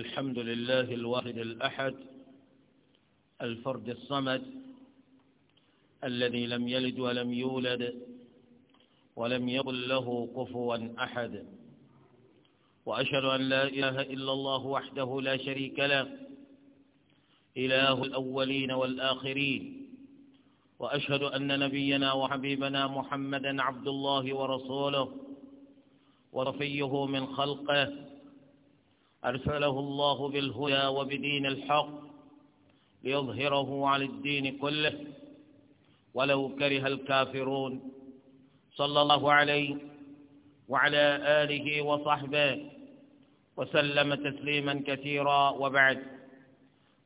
الحمد لله الواحد الأحد الفرد الصمد الذي لم يلد ولم يولد ولم يقل له كفوا أحد وأشهد أن لا إله إلا الله وحده لا شريك له إله الأولين والآخرين وأشهد أن نبينا وحبيبنا محمدا عبد الله ورسوله ورفيه من خلقه أرسله الله بالهدى وبدين الحق ليظهره على الدين كله ولو كره الكافرون صلى الله عليه وعلى آله وصحبه وسلم تسليما كثيرا وبعد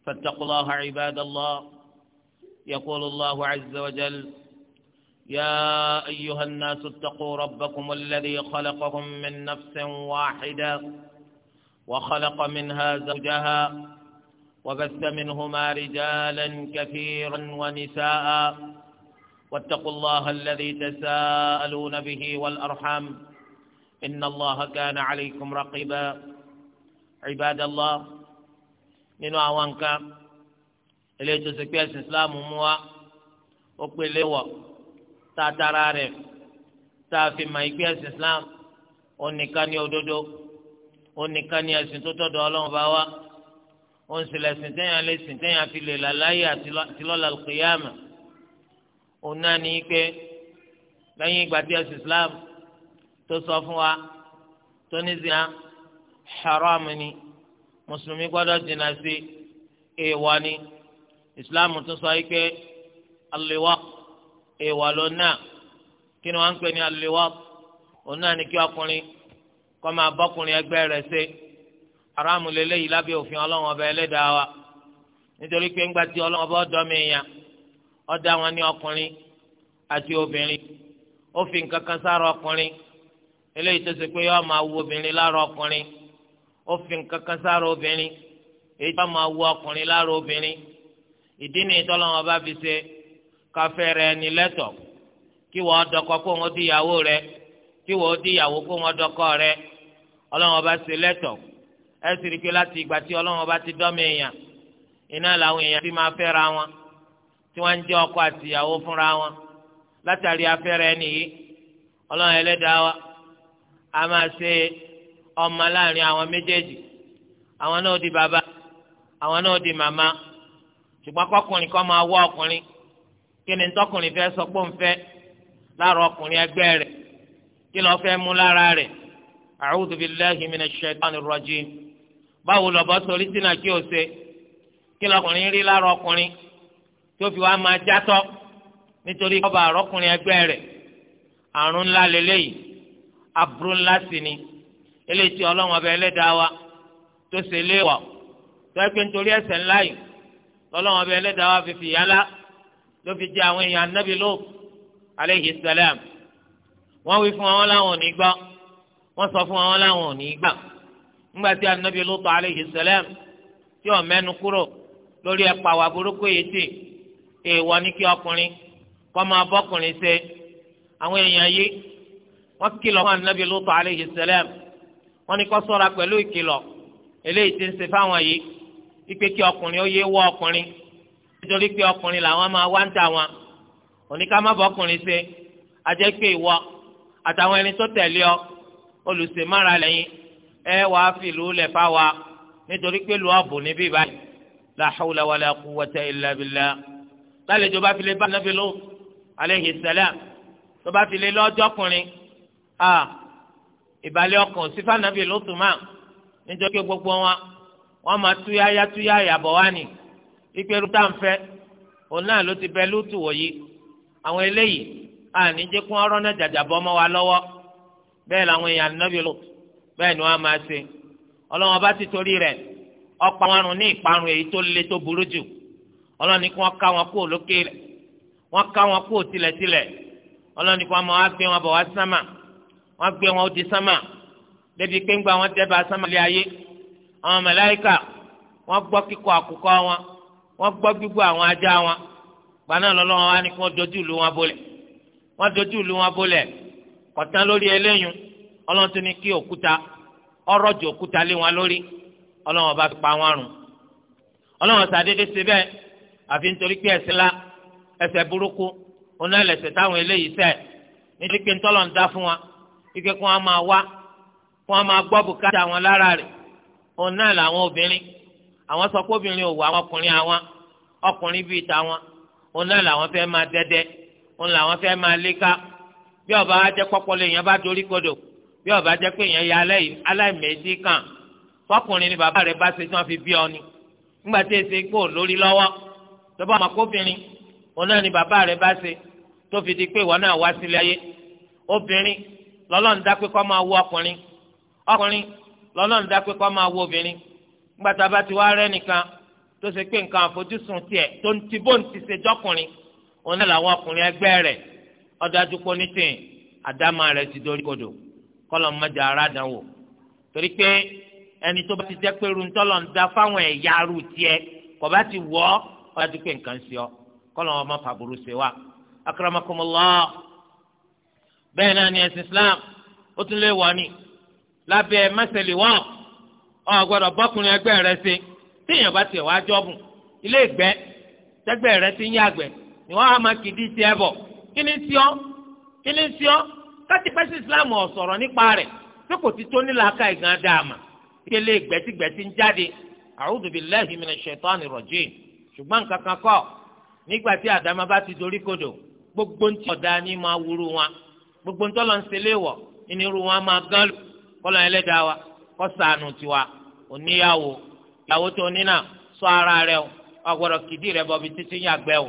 فاتقوا الله عباد الله يقول الله عز وجل يا أيها الناس اتقوا ربكم الذي خلقكم من نفس واحدة وخلق منها زوجها وبث منهما رجالا كثيرا ونساء واتقوا الله الذي تساءلون به والأرحام إن الله كان عليكم رقيبا عباد الله من أعوانك إليه تسكي الإسلام موا وقبل لوا تاتراري تافي ما يكي الإسلام ونكان ودودو ó nìkan ni ẹ̀sìn tó tọ̀dọ̀ Ọlọ́run bá wá ó ń ṣẹlẹ̀ ẹ̀sìn téèyàn lè sìn téèyàn fi lè là àti lọ́la kìyàmà òun náà ní pé lẹ́yìn ìgbà tí ẹ̀sìn Islam tó sọ fún wa tó ní zina haram ni mùsùlùmí gbọ́dọ̀ jìnnà sí èèwọ̀ ni Islam tó sọ yìí pé aliwa èèwọ̀ ló náà kí ni wọ́n ń pè ní aliwa òun náà ní kí ọkùnrin. kọ́ máa bọ́kùnrin ẹgbẹ́ rẹ̀ ṣe haramu lélẹ́yìí lábẹ́ òfin ọlọ́run ọba ẹlẹ́dàá wa nítorí pé ńgbà tí ọlọ́run ọba ọ̀dọ́ mi yàn wọn ní ọkùnrin àti obìnrin ó fi nǹkan kan sára ọkùnrin eléyìí tó ṣe pé yọ máa wo obìnrin lára ọkùnrin ó fi nǹkan kan sára obìnrin èyí tó ọkùnrin lára obìnrin ìdí ni ìtọ́lọ́run ọba fi ṣe káfẹ́ rẹ ní lẹ́tọ̀ kí wọ́n dọkọ kó rẹ kí wọ́n kó dọkọ rẹ ọlọ́run ọba ṣe lẹ́tọ̀ ẹ sì rí i pé láti ìgbà tí ọlọ́run ọba ti dọ́mọ èèyàn iná làwọn èèyàn ti máa fẹ́ra wọn tí wọ́n ń jẹ́ ọkọ àti ìyàwó fúnra wọn látàrí afẹ́rẹ́ nìyí ọlọ́run ẹlẹ́dàá wa a máa ṣe ọmọ láàrin àwọn méjèèjì àwọn náà di bàbá àwọn náà di màmá ṣùgbọ́n kọkùnrin kọ́ máa wọ ọkùnrin kí ni tọkùnrin fẹ́ sọ pé òun fẹ́ láàrọ̀ ọkùnrin ẹgbẹ́ rẹ̀ kí lọ́ọ́ fẹ́ mú lára rẹ̀ a'udhu billahi minash shaitanir rajim báwo lọ́bọ sọrí sínú àti òsè kí lọkùnrin rí lára ọkùnrin tí ó fi wá máa játọ́ nítorí kọ́ba àrọ́kùnrin ẹgbẹ́ rẹ̀ àrùn ńlá lélẹ́yìí aburú ńlá sì ni eléyìí tí ọlọ́run ọba ẹlẹ́dàá wa tó ṣe léèwọ̀ tó ẹgbẹ́ nítorí ẹ̀ṣẹ̀ ńlá yìí ọlọ́run ọba ẹlẹ́dàá wa fi fìyà ló fi jẹ àwọn èèyàn anábì aleyhi sàlám wọ́n wí fún wọn láwọn ò ní gbọ́ wọ́n sọ fún wọn láwọn ò ní gbà ńgbà tí anabi lótọ́ aleyhi sẹlẹ̀m tí ò mẹ́nu kúrò lórí ẹ̀pà wà burúkú yìí tì èèwọ̀ ní kí ọkùnrin kọ́ máa bọ́kùnrin ṣe àwọn èèyàn yìí wọ́n kìlọ̀ fún anabi lótọ́ aleyhi sẹlẹ̀m wọ́n ní kó ṣọ́ra pẹ̀lú ìkìlọ̀ eléyìí ti ń ṣe fáwọn yìí ipe kí ọkùnrin ó yé wọ ọkùnrin nítorí pé ọkùnrin làwọn máa wá ń tà wọn oníkàmọ́bọ̀kùnrin ṣe ajẹ́ ìwọ àtàwọn ẹni tó tẹ̀lé ọ olùsèmára lẹ́yìn ẹ wàá fìlú lẹ̀ fáwa nítorí pé lu ààbò níbí báyìí la hawla wala quwwata illa billah lálejò bá file bá nàbí lò aleyhi salam tó bá file lọ́jọ́kùnrin a ìbàlẹ̀ ọkàn sífà nàbí lò tùmá nítorí pé gbogbo wọn wọn máa túyáyá túyáyá bọ̀ wá ní ìpẹ́rù tá à ń fẹ́ òun náà ló ti bẹ lótù wọ̀nyí àwọn eléyìí àníjẹ́ kún ọ̀rọ̀ náà jàjàbọ́ mọ́ wa lọ́wọ́ bẹ́ẹ̀ làwọn èèyàn ànábì lò bẹ́ẹ̀ ni wọ́n máa ṣe ọlọ́wọ́n bá ti torí rẹ̀ ọ̀pá wọn rùn ní ìparun èyí tó le tó burú jù ọlọ́wọ́n ní kí wọ́n ká wọn kú òlókè rẹ̀ wọ́n ká wọn kú òtilẹ̀tilẹ̀ ọlọ́wọ́n ní kí wọ́n máa gbé wọn bọ̀ wá sámà wọ́n gbé wọn ó sámà débi pé ńgbà wọn dẹ́ba sámà lé ayé àwọn màláíkà wọ́n gbọ́ kíkọ àkùkọ wọn wọ́n gbọ́ gbígbó àwọn ajá wọn gbaná lọ́lọ́wọ́n wá ní kí wọ́n dojú ìlú wọn bolẹ̀ wọ́n dojú ìlú wọn bolẹ̀ kọ̀tán lórí eléyìn ọlọ́run ti ní kí òkúta ọ̀rọ̀jù òkúta lé wọn lórí ọlọ́run ọba fi pa wọn rùn ọlọ́run sàdédé ṣe bẹ́ẹ̀ àfi nítorí pé ẹ̀ṣẹ̀ la ẹ̀ṣẹ̀ burúkú oná ẹlẹ́ṣẹ̀ táwọn eléyìí ṣẹ̀ nítorí pé ntọ́lọ̀ ń dá fún wa ike kí wọ́n máa wá kí wọ́n máa gbọ́ bùkátà wọn lára rẹ̀ oná làwọn obìnrin àwọn sọ pé obìnrin ò wá àwọn ọkùnrin àwọn ọkùnrin bíi tàwọn oná làwọn fẹ́ máa dẹ́dẹ́ oná làwọn fẹ́ máa léka bí ọba ajẹ pọpọlọ èèyàn bá dorí kodò bí ọba ajẹ pé èèyàn ya aláìmẹsí kan fọkùnrin ni bàbá rẹ bá ṣe tí wọn fi bí ọ ni ńgbà tí èsì kò lórí lọ́wọ́ tó bá ọmọ kóbìnrin òun náà ni bàbá rẹ bá ṣe tó fi di pé ìwọ náà wá sílé ayé obìnrin lọ́lọ́run dá pé kó máa wo ọkùnrin ọkùnrin lọ́lọ́run dá pé máa wo obìnrin ńgbà tá a ti wá rẹ́ nìkan tó ṣe pé nǹkan àfojúsùn tiẹ̀ tó ń ti bó ń ti ṣe jọkùnrin òun náà làwọn ọkùnrin ẹgbẹ́ rẹ̀ ọdájú pọ ní tìǹ àdámà rẹ ti dorí kodò kọlọ mọjà aládàn wò torí pé ẹni tó bá ti jẹ pé runtọlọ ń da fáwọn ẹ̀yà arú tiẹ kò bá ti wọ ọdájú pé nǹkan sí ọ kọlọ wọn fàbùrù sí wa akramakumullah bẹ́ẹ̀ náà ni ẹ̀sìn islam ó tún lè wọ ni lábẹ́ mẹsẹlẹ wọn ọ gbọ́dọ̀ bọkùnrin ẹgbẹ́ rẹ ṣe tíyẹn bá tiẹ̀ wá jọbùn ilé ìgbẹ́ tẹgbẹ́ rẹ ti ń yàgbẹ́ ni wọn á máa kìdí tiẹ̀ bọ̀ kí ni sí ọ kí ni sí ọ káti pẹ́sì islam ọ̀ sọ̀rọ̀ nípa rẹ̀ pé kò ti tó nílàáká ìgbà dáàmà ìpele gbẹ̀tígbẹ̀tí ń jáde a'udhu billahi minash shaitani rajim ṣùgbọ́n nǹkan kan kọ́ nígbà tí àdámà bá ti dorí kodò gbogbo ntí ọ̀dà ni máa wúru wọn gbogbo ntọ́lọ̀ ń ṣe léèwọ̀ ìnirú wọn máa gán lù kọ́lọ̀ ẹlẹ́dàá wa kọ́ sànù tiwa oníyàwó ìyàwó tó ní náà ṣọ́ ara rẹ o ọ̀gbọ́dọ̀ kìdí rẹ bọ̀ bí títí yàgbẹ́ o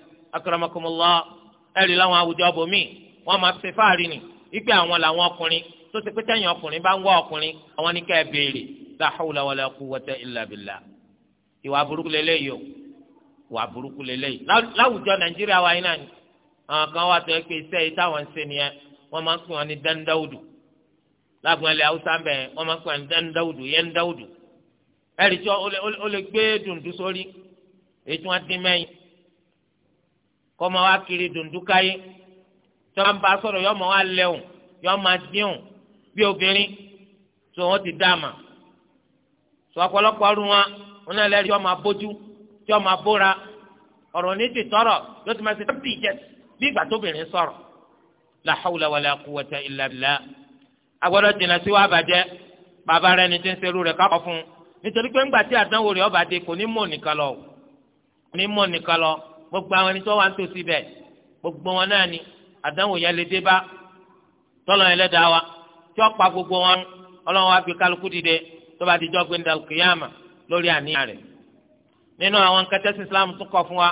akramakumullah ẹ̀rí láwọn àwùjọ bòmí wọ́n máa fi fáàrí ni ipe àwọn làwọn ọkùnrin tó ti pété yẹn ọkùnrin bá ń wá ọkùnrin àwọn ní ká ẹ béèrè la hawla wala quwwata illa billah ìwà burúkú lélẹ́yìí o ìwà burúkú lélẹ́yìí láwùjọ nàìjíríà wa yìí náà ni àwọn kan wà tó ẹ pé yìí táwọn ń ṣe nìyẹn wọ́n máa ń pè wọ́n ní dandawudu lágùn ẹlẹ́ haúsá ń bẹ̀ máa ń pè wọ́n ní dandawudu yẹn dawudu ẹ̀rí tí ó lè gbé dundun sórí èyí tí wọ́n dín mẹ́yìn kọ́mọ wa kiri dùndúkáyé tọ́ba ń bá sọ̀rọ̀ yọmọ wa lẹ́hùn yọmọ díhùn bí obìnrin tó wọ́n ti dáàmà tó ọ̀pọ̀lọpọ̀ ọdún wa wọn náà lẹ́rìí yọmọ abójú tí ọmọ abóra ọ̀rọ̀ ní ti tọrọ yóò ti máa ṣe tẹ́pì jẹ bí ìgbà tóbìnrin sọ̀rọ̀ la hawla wala quwwata illa billah agbọ́dọ̀ jìnnà sí wa bàjẹ́ bàbá rẹ ni ti ń rẹ kápọ̀ fún nítorí pé ńgbà tí àdánwò rẹ ọba dé kò ní mọ̀ nìkan lọ kò ní mọ̀ nìkan lọ gbogbo àwọn ẹni tó wà ń tòsí bẹ́ẹ̀ gbogbo wọn náà ni àdánwò yẹn lè dé bá tọ́lọ̀ yẹn lẹ́dàá wa tí wọ́n pa gbogbo wọn ọlọ́run wa gbé kálukú dìde tó bá dijọ́ gbé ndàlù kìyàmà lórí àníyàn rẹ̀ nínú àwọn kẹtẹ́sì Islam tó kọ fún wa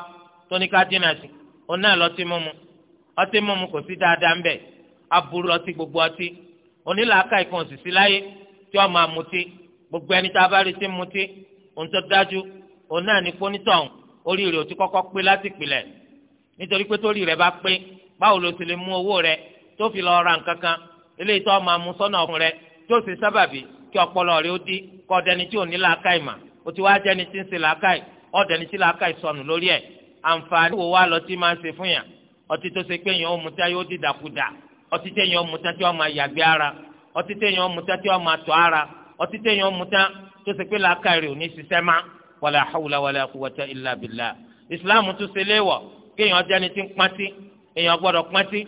tó ní ká dínà sí òun náà lọ́tí mímu ọtí mímu kò sí dáadáa ń bẹ̀ aburú ọtí gbogbo ọtí onílàákà ìkan òsìsí láyé tí wọ́n máa mutí gbogbo ẹni tá a bá rí mutí òun tó dájú òun náà ní pónítọ̀hún orí rẹ̀ ò ti kọ́kọ́ pé láti pilẹ̀ nítorí pé torí rẹ̀ bá pé báwo ló ti lè mú owó rẹ̀ tó fi lọ ra nǹkan kan eléyìí tó máa mú sọ́nà ọ̀fun rẹ̀ tí ó sì sábàbí kí ọpọlọ rẹ̀ ó dí kọ́ ọ̀dẹni tí ò ní làákàyè mà ó ti wá jẹ́ni tí ń ṣe làákàyè ọ̀dẹni tí làákàyè sọnù lórí ẹ̀ àǹfààní wo wá lọ tí máa ń fún yàn ọtí tó ṣe pé èèyàn ó mu tá yóò dìdàkudà ọtí téèyàn ó mu tá tí ó máa yàgbé ara ọtí téèyàn ó mu tá tí ó máa tọ̀ ara ọtí téèyàn ó mu tá tó ṣe pé làákàyè rẹ̀ ò ní ṣiṣẹ́ máa wàlà hawla wàlà quwwata illa billah islam tún ṣe léèwọ̀ kéèyàn jẹ́ni tí ń pátí èèyàn gbọ́dọ̀ pátí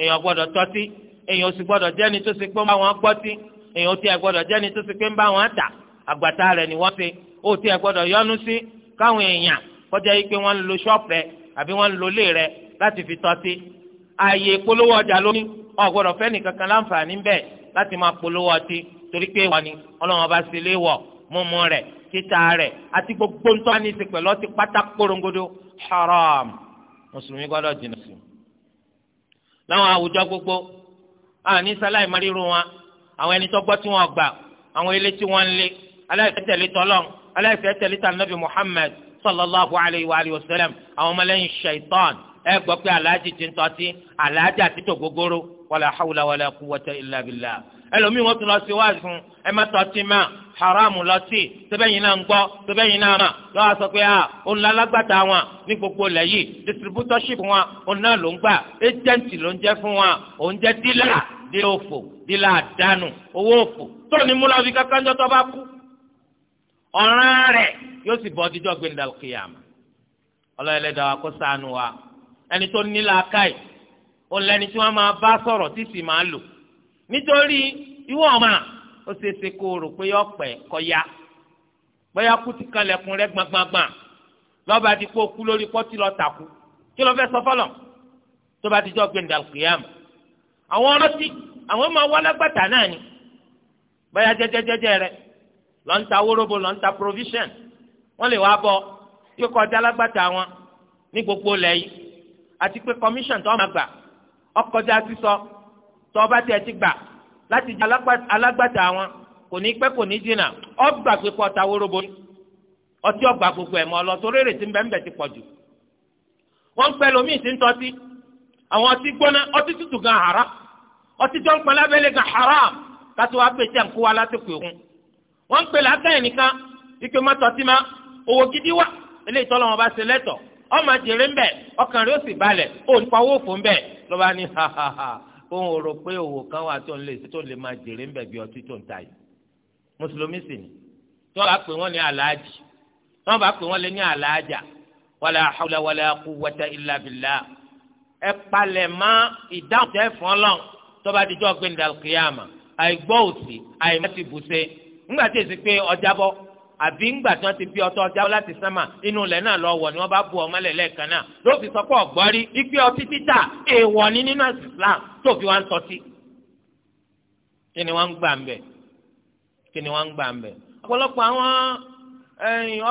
èèyàn gbọ́dọ̀ tọ́tí èèyàn sì gbọ́dọ̀ jẹ́ni tó ṣe pé ń bá wọn gbọ́tí èèyàn tí ẹ gbọ́dọ̀ jẹ́ni tó ṣe pé ń bá wọn tà àgbàtà rẹ̀ ni wọ́n ṣe ó tí ẹ gbọ́dọ̀ yọnu sí káwọn èèyàn kọjá yìí pé wọ́n ń lo ṣọ́ọ̀pù rẹ̀ àbí wọ́n ń lo ilé rẹ̀ láti fi tọ́tí ààyè ìpolówó ọjà lóní wọn gbọ́dọ̀ fẹ́ nìkankan láǹfààní bẹ́ẹ̀ láti máa polówó ọtí torí pé wọ́n ni Ọlọ́run ọba sílé wọ̀ mímú rẹ̀ títà rẹ̀ àti gbogbo ntọ́ ní ti pẹ̀lú ọtí pátá kporongodo haram mùsùlùmí gbọ́dọ̀ jìnnà sí i. láwọn àwùjọ gbogbo àní sáláì márírù wọn àwọn ẹni tó gbọ́ tí wọ́n gbà àwọn ilé tí wọ́n ń lé aláìsẹ́ tẹ̀lé tọ́lọ́n aláìsẹ́ tẹ̀lé tànàbí Muhammad sallallahu alayhi wa alihi wa sallam àwọn ọmọlẹ́yìn shaitan ẹ gbọ́ pé aláàjì ti ń tọ́tí aláàjì àti tó gogoro wàlá hawla wàlá quwwata illa billah haramu lọ sí sẹ́bẹ̀yìn náà ń gbọ́ sẹ́bẹ̀yìn náà mà lọ́wọ́ sọ pé ah òun lálágbàtà wọn ní gbogbo ilẹ̀ yìí distributorship wọn òun náà ló ń gbà agent ló ń jẹ́ fún wọn òun jẹ́ dílà dílà òfò dílà àdánù owó òfò tó ní múlá fi kankan jọ tó bá kú ọ̀ràn rẹ̀ yóò sì bọ́ díjọ́ gbẹ̀ndàkìyàmà ọlọ́yẹlẹ́dàá wa kó ṣàánú wa ẹni tó ní làákàyè òun lẹni tí wọ́n máa bá sọ̀rọ̀ tí sì máa lò nítorí ìwọ ọ̀ma ó ṣe é ṣe kó o rò pé ọ̀pẹ kọ́ya bóyá kú ti kan lẹ̀kùn rẹ gbàngbàngbà lọ́ba ti kó kú lórí pọ́tì lọ tàkú kí ló fẹ́ sọ fọlọ̀ tó bá ti jọ gbẹ̀ndà kìyàmù àwọn ọlọ́tí àwọn máa wá náà ni bóyá jẹ́jẹ́jẹ́jẹ́ rẹ lọ ń ta provision wọ́n lè wá bọ́ kíkọ́ ọjà wọn ní gbogbo lẹ́yìn àti pé commission tó máa gbà ọkọjá sísọ tó ọba tiẹ̀ ti gbà láti jẹ alágbàtà wọn kò ní pẹ́ kò ní jìnnà ọgbà pípọ̀ ta wóróbo ọtí ọgbà gbogbo ẹ̀ mọ́ ọ lọ torí èrè tí ń bẹ ń ti pọ̀ jù tútù gan ọtí tó ń lábẹ́lẹ́ gan haram pé ń kó wa wọ́n nìkan ike ma owó wọn bá ṣe lẹ́tọ̀ ọmọ jèrè ń bẹ̀ ọkàn rẹ̀ ó sì balẹ̀ ó pa owó fún bẹ́ẹ̀ lọ́ba ní ha ha ha òun ò rò pé òwò kan wà tó ń lè tó lè máa jèrè ń bẹ̀bí ọtí tó ń ta yìí mùsùlùmí sì ni tó bá pè wọ́n ní aláàjì tó bá pè wọ́n lé ní aláàjà wàlà àhùlà wàlà quwwata illa billah ẹ palẹ̀ mọ́ ìdáhùn tẹ́ fún ọlọ́run tó bá dijọ́ gbẹ̀ndàkìyàmà àìgbọ́ òsì àìmọ́tìbùsẹ̀ ńgbà tí èsì pé ọjà bọ́ àbí ńgbà tí wọ́n ti fi ọtọ́ jáwọ́ láti sánmà inú ilẹ̀ náà lọ wọ̀ ni wọ́n bá bu ọmọ lẹ̀ lẹ́ẹ̀kan náà ló fi sọ pé ọ̀gbọ́rí ipe ọtí títà èèwọ̀ ni nínú Islam tó fi wá ń sọtí. kí ni wọ́n ń gbà ń bẹ̀ kí ni wọ́n ń gbà ń bẹ̀. ọ̀pọ̀lọpọ̀ àwọn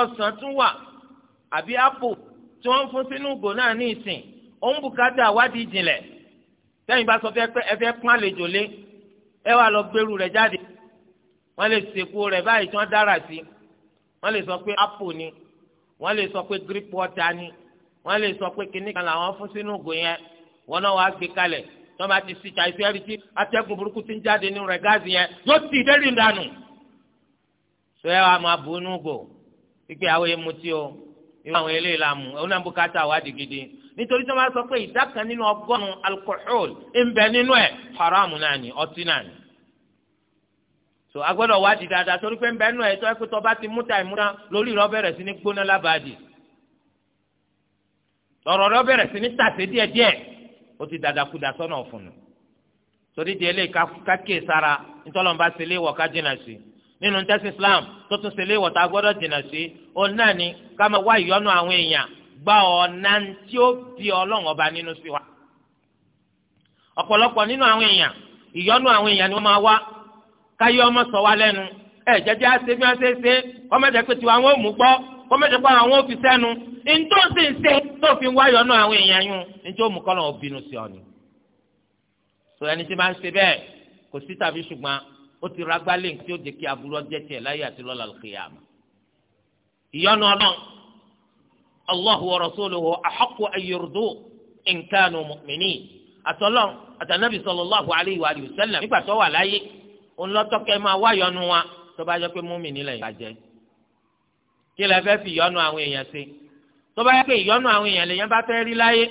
ọsàn tún wà àbí apple tí wọ́n ń fún sínú ìgò náà ní ìsìn òun bùkátà wádìí ìjìnlẹ̀ tẹ́yìn bá sọ ẹ fẹ́ pọ́n àlejò lé ẹ wà lọ gbèrú rẹ̀ jáde wọ́n lè sèkú rẹ̀ báyìí tí wọ́n dára sí i wọ́n lè sọ pé apple ni wọ́n lè sọ pé grip water ni wọ́n lè sọ pé kinní kan làwọn fún sínú ògùn yẹn wọ́n náà wàá gbé kalẹ̀ tí wọ́n bá ti sìkà ìfẹ́ rí tí atẹ́gùn burúkú ti ń jáde nínú rẹ̀ gáàsì yẹn yóò tì dẹ́rì dànù. sọ ẹ wa máa bu inú gò pípé àwọn èèmù tí o irú àwọn eléyìí la mú òun náà bó káta àwádìí nítorí tí bá sọ pé ìdá kan nínú ọgọ́rùn-ún alkohol ń bẹ nínú ẹ̀ haram náà ni ọtí náà ni. so agbọ́dọ̀ wádìí dáadáa torí pé nbẹ nù ẹ tó ẹ pé tó ti múta ìmúta lórí rẹ̀ bẹ̀rẹ̀ sí ní gbóná lábàádì ọ̀rọ̀ rẹ̀ bẹ̀rẹ̀ sí ní tàsé díẹ̀díẹ̀ o ti dàdàkudà sọ́nà ọ̀fun torí di eléyìí kákè sara ntọ́lọ́mùbá sele léwọ̀ ká jìnnà sí nínú tẹ́sí Islam tó tún ṣe léwọ̀ tá a gbọ́dọ̀ jìnnà sí òun náà ni ká máa wá ìyọ́nú àwọn èèyàn gba ọ̀nà tí ó bí ọlọ́run ọba nínú sí wa ọ̀pọ̀lọpọ̀ nínú àwọn èèyàn ìyọ́nú àwọn èèyàn ni wọ́n máa wá káyọ ọmọ sọ wa lẹ́nu ẹ jẹjẹ ase bí wọn ṣe ṣe kọmẹjẹ pé tiwa àwọn òmù gbọ́ kọmẹjẹ pé àwọn òfi sẹ́nu ntọ́ sì ń ṣe tó fi wáyọ̀ náà àwọn èèyàn yún ntí ó mú kọ́ náà bínú sí ọ ni. sọ ẹni tí máa ń ṣe bẹ́ẹ̀ kò sí tàbí ṣùgbọ́n ó ti rágbálẹ̀ tí ó jẹ́ kí aburú ọjẹ́ tiẹ̀ láyé àti lọ́la al-qiyāmah. ìyọnu ọlọ́run Allahu wa rasuluhu ahaqqu an yurduhu in kanu ńlọtọkẹ máa wá yọnu wa tó bá jẹ́ pé múmi nílẹ̀ ìbàjẹ́ kí lẹ fẹ́ fi yọnu àwọn èèyàn ṣe tó bá yẹ pé ìyọnu àwọn èèyàn lèèyàn bá fẹ́ rí láyé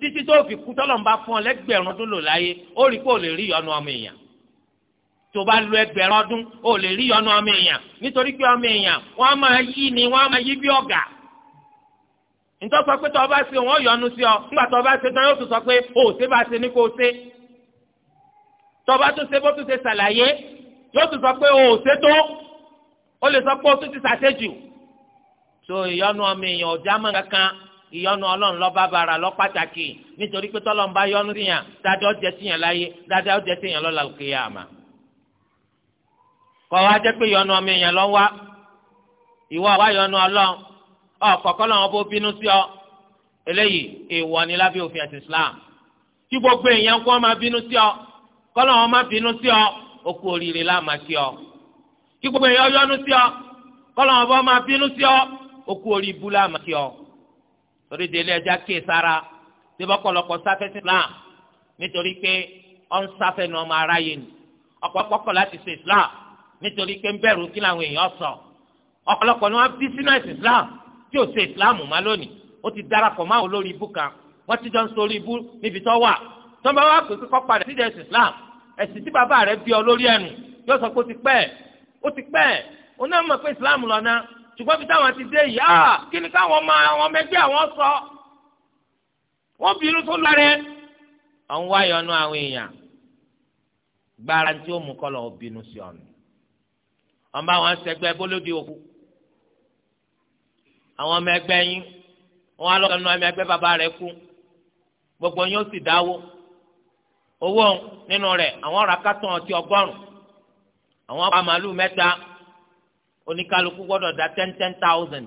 títí tó fi kú tọ́lọ̀ ń bá fún ọ lẹ́gbẹ̀rún ọdún lò láyé ó rí pé ò lè rí ìyọnu ọmọ èèyàn tó bá lu ẹgbẹ̀rún ọdún ó lè rí ìyọnu ọmọ èèyàn nítorí pé ọmọ èèyàn wọ́n máa yí ni wọ́n á máa yí bí ọ̀gà nítorí yóò tún sọ pé o ò ṣètò ó lè sọ pé o tún ti ṣàṣejù so ìyọnu ọmọ èèyàn ọjà mọ kankan ìyọnu ọlọ́run lọ bàbàrà lọ pàtàkì nítorí pé tọlọ́run bá yọ́nú síyàn dáadáa ó jẹ síyàn láyé dáadáa ó jẹ síyàn lọ́la òkè yà má kọ wá jẹ pé ìyọnu ọmọ èèyàn lọ wá ìwọ àwa ìyọnu ọlọ́run ọkọọkọ lọ́run bó bínú sí ọ eléyìí èèwọ̀ ni lábẹ́ òfin àti Islam kí gbogbo èèyàn kó má bínú sí ọ kọlọ́run má bínú sí ọ ó kú oríire láàmà sí ọ kí gbogbo èèyàn yọ́nú sí ọ kọ́lọ́n ọba máa bínú sí ọ ó kú orí ibú láàmà sí ọ torí délé ẹja kéè sára tí bọ́kọ̀lọpọ̀ sáfẹ́ sí Islam nítorí pé ọ ń sáfẹ́ nu ọmọ aráyé ni ọ̀pọ̀lọpọ̀ láti ṣe Islam nítorí pé ń bẹ̀rù kí làwọn èèyàn sọ ọ̀pọ̀lọpọ̀ ni wọ́n bí sínú ẹ̀sìn Islam tí ò ṣe Islam má lónìí ó ti darapọ̀ máa wò lórí ibú kan wọ́n ti jọ ń sọ orí ibú níbi tó wà tọ́ba wa pèsè kọ́ padà sí ẹ̀sìn Islam ẹ̀sìn tí bàbá rẹ̀ bí ọ lórí ẹnu yóò sọ pé ó ti pẹ́ ó ti pẹ́ ó náà mọ̀ pé islam lọ́nà ṣùgbọ́n bí táwọn ti dé yìí ah kí ni káwọn ọmọ àwọn ọmọ ẹgbẹ́ àwọn sọ wọ́n bínú tó lára ẹ̀ àwọn wáyọ̀ nú àwọn èèyàn gbára tí ó mú kọ́lọ̀ bínú sí ọ̀nà wọn bá wọn bólódì òkú àwọn ọmọ ẹgbẹ́ yín wọn á lọ́kàn ọmọ ẹgbẹ́ bàbá rẹ̀ kú gbogbo yín ó sì dáwó owó nínú rẹ̀ àwọn ra kátàn ọtí ọgọ́rùn àwọn pa màálù mẹ́ta oníkálukú gbọ́dọ̀ da ten ten thousand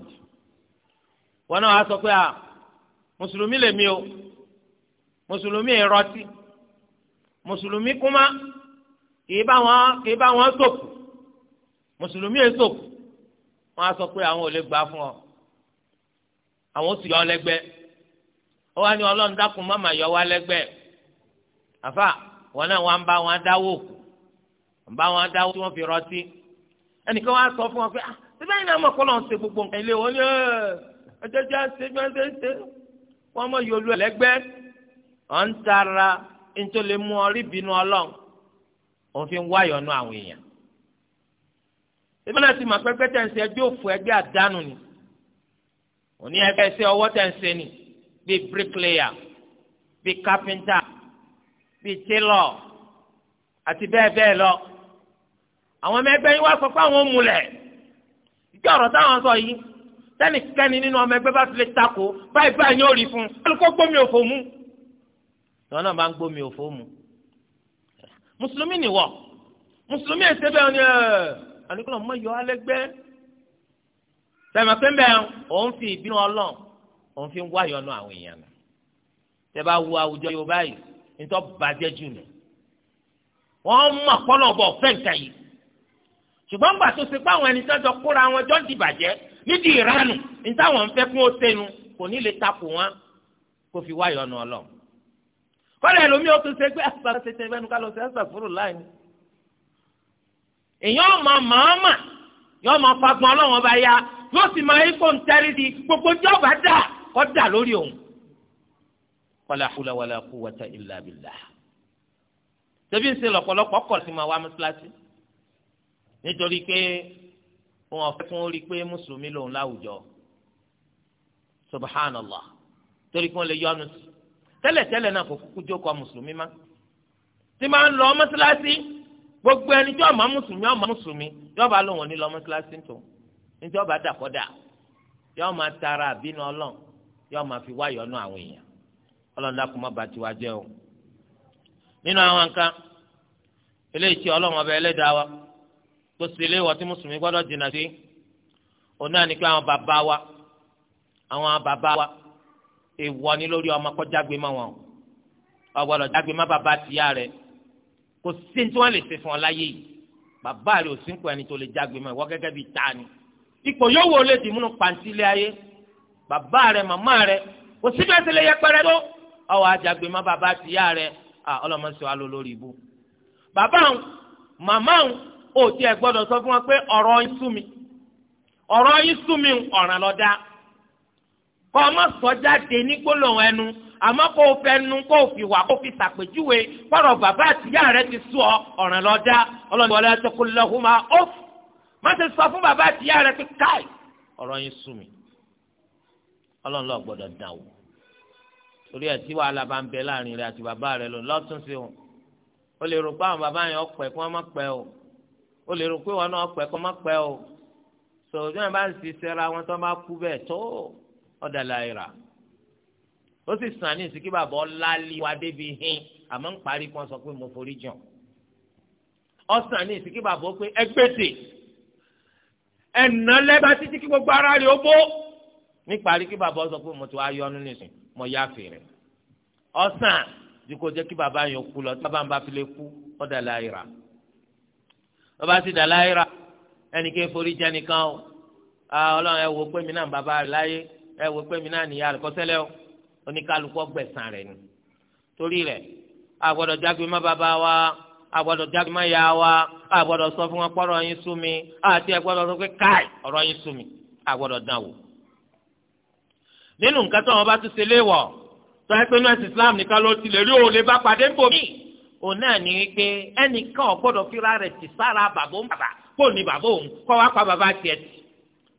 wọn náà wá sọ pé à mùsùlùmí lèmi o mùsùlùmí ìrọtí mùsùlùmí kúmá kìí bá wọn kìí bá wọn sòkù mùsùlùmí èsòkù wọn á sọ pé àwọn ò lè gbà fún ọ àwọn ó sì yọ ọ lẹ́gbẹ́ ó wá ní Ọlọ́run dákun má mà yọ wá lẹ́gbẹ́ àfà wọn náà wọn bá wọn dáwó wọn bá wọn dáwó tí wọn fi rọtí ẹnìkan wá sọ fún wọn pé ah síbẹ̀ yìí náà mọ̀ kọ́ lọ́n ṣe gbogbo nǹkan ilé wọn ni eh, ẹjẹ́ jẹ́ ṣe bí wọ́n ṣe ń ṣe wọ́n mọ̀ yòlú ẹ̀lẹ́gbẹ́ ọ̀ ń tara nítorí ọrí bínú ọlọ́run òfin wáyọ̀ nú àwọn èèyàn ìbílẹ̀ ti mọ̀ pé pé tẹ̀sí ẹgbẹ́ òfò ẹgbẹ́ àdánù ni òní ẹgbẹ́ ẹsẹ̀ ọwọ́ tẹ̀sí ni bíi bíríkìlẹ̀yà bíi kápẹ́ńtà bíi tílọ̀ àti bẹ́ẹ̀ bẹ́ẹ̀ lọ àwọn ọmọ ẹgbẹ́ yín wá sọ pé àwọn ò ìjọ ọ̀rọ̀ táwọn sọ yìí sẹ́nìkẹ́ni nínú ọmọ ẹgbẹ́ bá ti lè takò báyìí báyìí yóò rí fún un alùpùpù gbómi òfò mu ìwọ náà máa ń gbómi òfò mu mùsùlùmí nìwọ mùsùlùmí ẹsẹ bẹ́ẹ̀ ni àníkùnà mọ yọ alẹ́gbẹ́ sẹ̀mọ̀pẹ́ bẹ́ẹ̀ òun fi ìbínú ọlọ́ọ̀ òun fi ń wá yọnu àwọn èèyàn nà bá wo àwùjọ Yorùbá yìí nítorí bàjẹ́ jù nù wọ́n mọ̀ kọ́lọ̀ bọ̀ fẹ́ nǹkan yìí ṣùgbọ́n gbà tó ṣe pé àwọn ẹni tọ́jọ́ kóra wọn jọ́ di bàjẹ́ nídìí ìranù nítawọn ń fẹ́ kún ó sẹ́nu kò ní lè takò wọn kó fi wáyọ̀ ọ̀nà ọlọ́ kọ́lẹ̀ ẹlòmíì ó tún ṣe pé àgbà ah, tètè bẹ́nu ká lọ sí ẹ̀sà fúrò láàyè èèyàn ọmọ màámà yóò máa fagbọn ọlọ́wọ́n bá yá yóò sì máa ikọ̀ ń tẹ́rí di gbogbo jọba dà kọ́ dà lórí òun wala hula wala quwwata illa billah tẹbi ń ṣe lọ́pọ̀lọpọ̀ kọ̀ sí máa wá mọ́sálásí nítorí pé wọn ò fẹ́ kí wọ́n rí i pé mùsùlùmí lòun láwùjọ subhanallah torí kí wọ́n lè yọnu sí tẹ́lẹ̀tẹ́lẹ̀ náà kò kúkú jókòó mùsùlùmí má tí máa ń lọ mọ́sálásí gbogbo ẹni tí ọmọ mùsùlùmí ọmọ mùsùlùmí yọba lòun ò ní lọ mọ́sálásí tó níjọba dàkọ́dà yọ máa tara àbínú ọlọ́run yọ máa fi wáyọ̀ nù àwọn èèyàn ọlọ́run dákun má bàtí wa jẹ́ o nínú àwọn nǹkan eléyìí tí ọlọ́run ọba ẹlẹ́dàá wa tó sì ilé ìwọ tí mùsùlùmí gbọ́dọ̀ jìnnà sí òun náà ní pé àwọn bàbá wa àwọn bàbá wa èèwọ̀ ni lórí ọmọ kó jágbe mọ́ wọn o gbọ́dọ̀ jágbe má bàbá tìyá rẹ kò sí tí wọ́n lè ṣe fún ọ láyé yìí bàbá rẹ ò sí ń ẹni tó lè jágbe mọ́ ìwọ gẹ́gẹ́ bíi ta ni ipò yóò wọlé dìmúnú pàǹtí ilé ayé bàbá rẹ màmá rẹ kò síbẹ̀ sílẹ̀ yẹpẹrẹ tó ọwọ́ ajagbe má bàbá ti yá rẹ̀ ọlọ́mọ sọ alo lórí ibu. bàbá àwọn màmá àwọn ò tiẹ̀ gbọ́dọ̀ sọ fún wọn pé ọ̀rọ̀ yín sú mi ọ̀rọ̀ yín sú mi ọ̀ràn lọ́dá kọ́ ọmọ sọ jáde ní gbólóhùn ẹnu àmọ́ kó o fẹ́ nu kó o fi wà kó o fi sàpèjúwe kọ́rọ̀ bàbá àtìyá rẹ ti sú ọ ọ̀ràn lọ́dá ọlọ́ni wọlé ẹsẹ̀ kó lọ́hùn máa ó má ti sọ fún bàbá àtìyá rẹ pé káì ọ̀rọ̀ yín sú mi ọlọ́run lọ́ọ̀ gbọ́dọ̀ dàn torí ẹ̀ tí wàhálà bá ń bẹ láàrin rẹ àti bàbá rẹ lò lọ́tún sí o ó lè rò pé àwọn bàbá yẹn ọ̀pẹ kó wọ́n má pẹ́ o ó lè rò pé wọn náà ọ̀pẹ kó wọ́n má pẹ́ o sòwò tí wọ́n bá ń ṣiṣẹ́ ra wọn tó bá kú bẹ́ẹ̀ tó ọ̀dà láìra ó sì sàn ní ìsìnkí bàbá ọ̀làlí wa débi hin àmọ́ ń parí kan sọ pé mo forí jàn ọ̀sàn ní ìsìnkí bàbá ó pé ẹgbẹ́sẹ̀ ẹ̀nà lẹ́bàá títí kí gbogbo ara rẹ̀ ó bó níparí kí bàbá ó sọ pé mo ti wá yọnu nísìnyí mọ yáàfì rẹ̀ ọ̀sán ju kó jẹ́ kí bàbá yẹn kú lọ tí bàbá ń bá fi lè kú ọ̀dà láyìíra bàbá sì dà láyìíra ẹnìkan forí jẹ́ nìkan o ọlọ́run ẹ wò pé mi náà bàbá rẹ̀ láyé ẹ wò pé mi náà nìyá rẹ̀ kọ́sẹ́lẹ̀ o oníkálukú ọgbẹ̀sán rẹ̀ ni torí rẹ̀ àgbọ̀dọ̀ jágbe má bàbá wa àgbọ̀dọ̀ jágbe má yá wa àgbọ̀dọ̀ sọ fún wọn pọ́rọ̀ yín sú mi àti àgbọ̀dọ̀ sọ pé káì ọ̀rọ̀ yín sú mi àgbọ̀dọ̀ dán wò nínú nǹkan tó wọn bá tún ṣe léèwọ̀ tó ẹ pé nọ́ọ̀sì islam nìkan ló ti lè rí òun lè bá pàdé ń bomi. òun náà ní wípé ẹnìkan ò gbọ́dọ̀ fira rẹ̀ ti sára bàbá òun bàbá kó ní bàbá òun kó wá pa bàbá tiẹ̀ tì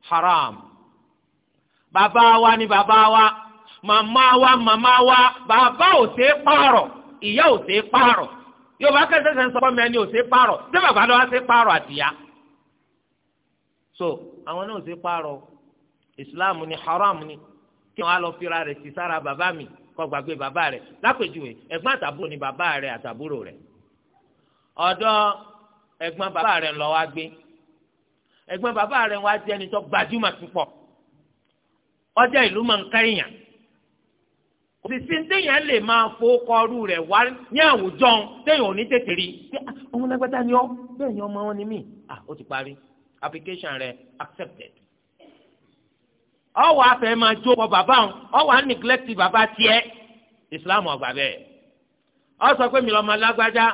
haram. bàbá wa ni bàbá wa màmá wa màmá wa bàbá ò ṣe é pààrọ̀ ìyá ò ṣe é pààrọ̀ yorùbá kẹsẹsẹ ń sọpọ mẹni ò ṣe é pààrọ̀ ṣé bàbá ló wá ṣe é pààrọ̀ àtìyá. so àwọn náà ò ṣe é pààrọ̀ islam ni haram ni kí wọn á lọ fira rẹ̀ sí sára bàbá mi kó gbàgbé bàbá rẹ̀ lápèjúwe ẹ̀gbọ́n àtàbúrò ni bàbá rẹ̀ àtàbúrò rẹ̀ ọ̀dọ̀ ẹ̀gbọ́n bàbá rẹ̀ lọ wá gbé ẹ̀gbọ́n bàbá rẹ̀ wá jẹ́ ẹni tó gbajúmọ̀ púpọ̀ ọjà ìlú máa ń káyàn òsìsì téèyàn lè máa fowókọrú rẹ̀ wá ní àwùjọ téèyàn ò ní tètè rí ah, ọmọ lágbàtà ni ọ bẹ́ẹ̀ ni ọmọ wọn ni mí ah ó ti parí application rẹ̀ accepted ọwọ́ afẹ́ máa jó wọ bàbá òun ọwọ́ á neglect bàbá tiẹ̀ islam ọgbà bẹ́ẹ̀ ọ sọ pé mi lọ́ọ́ máa lágbájá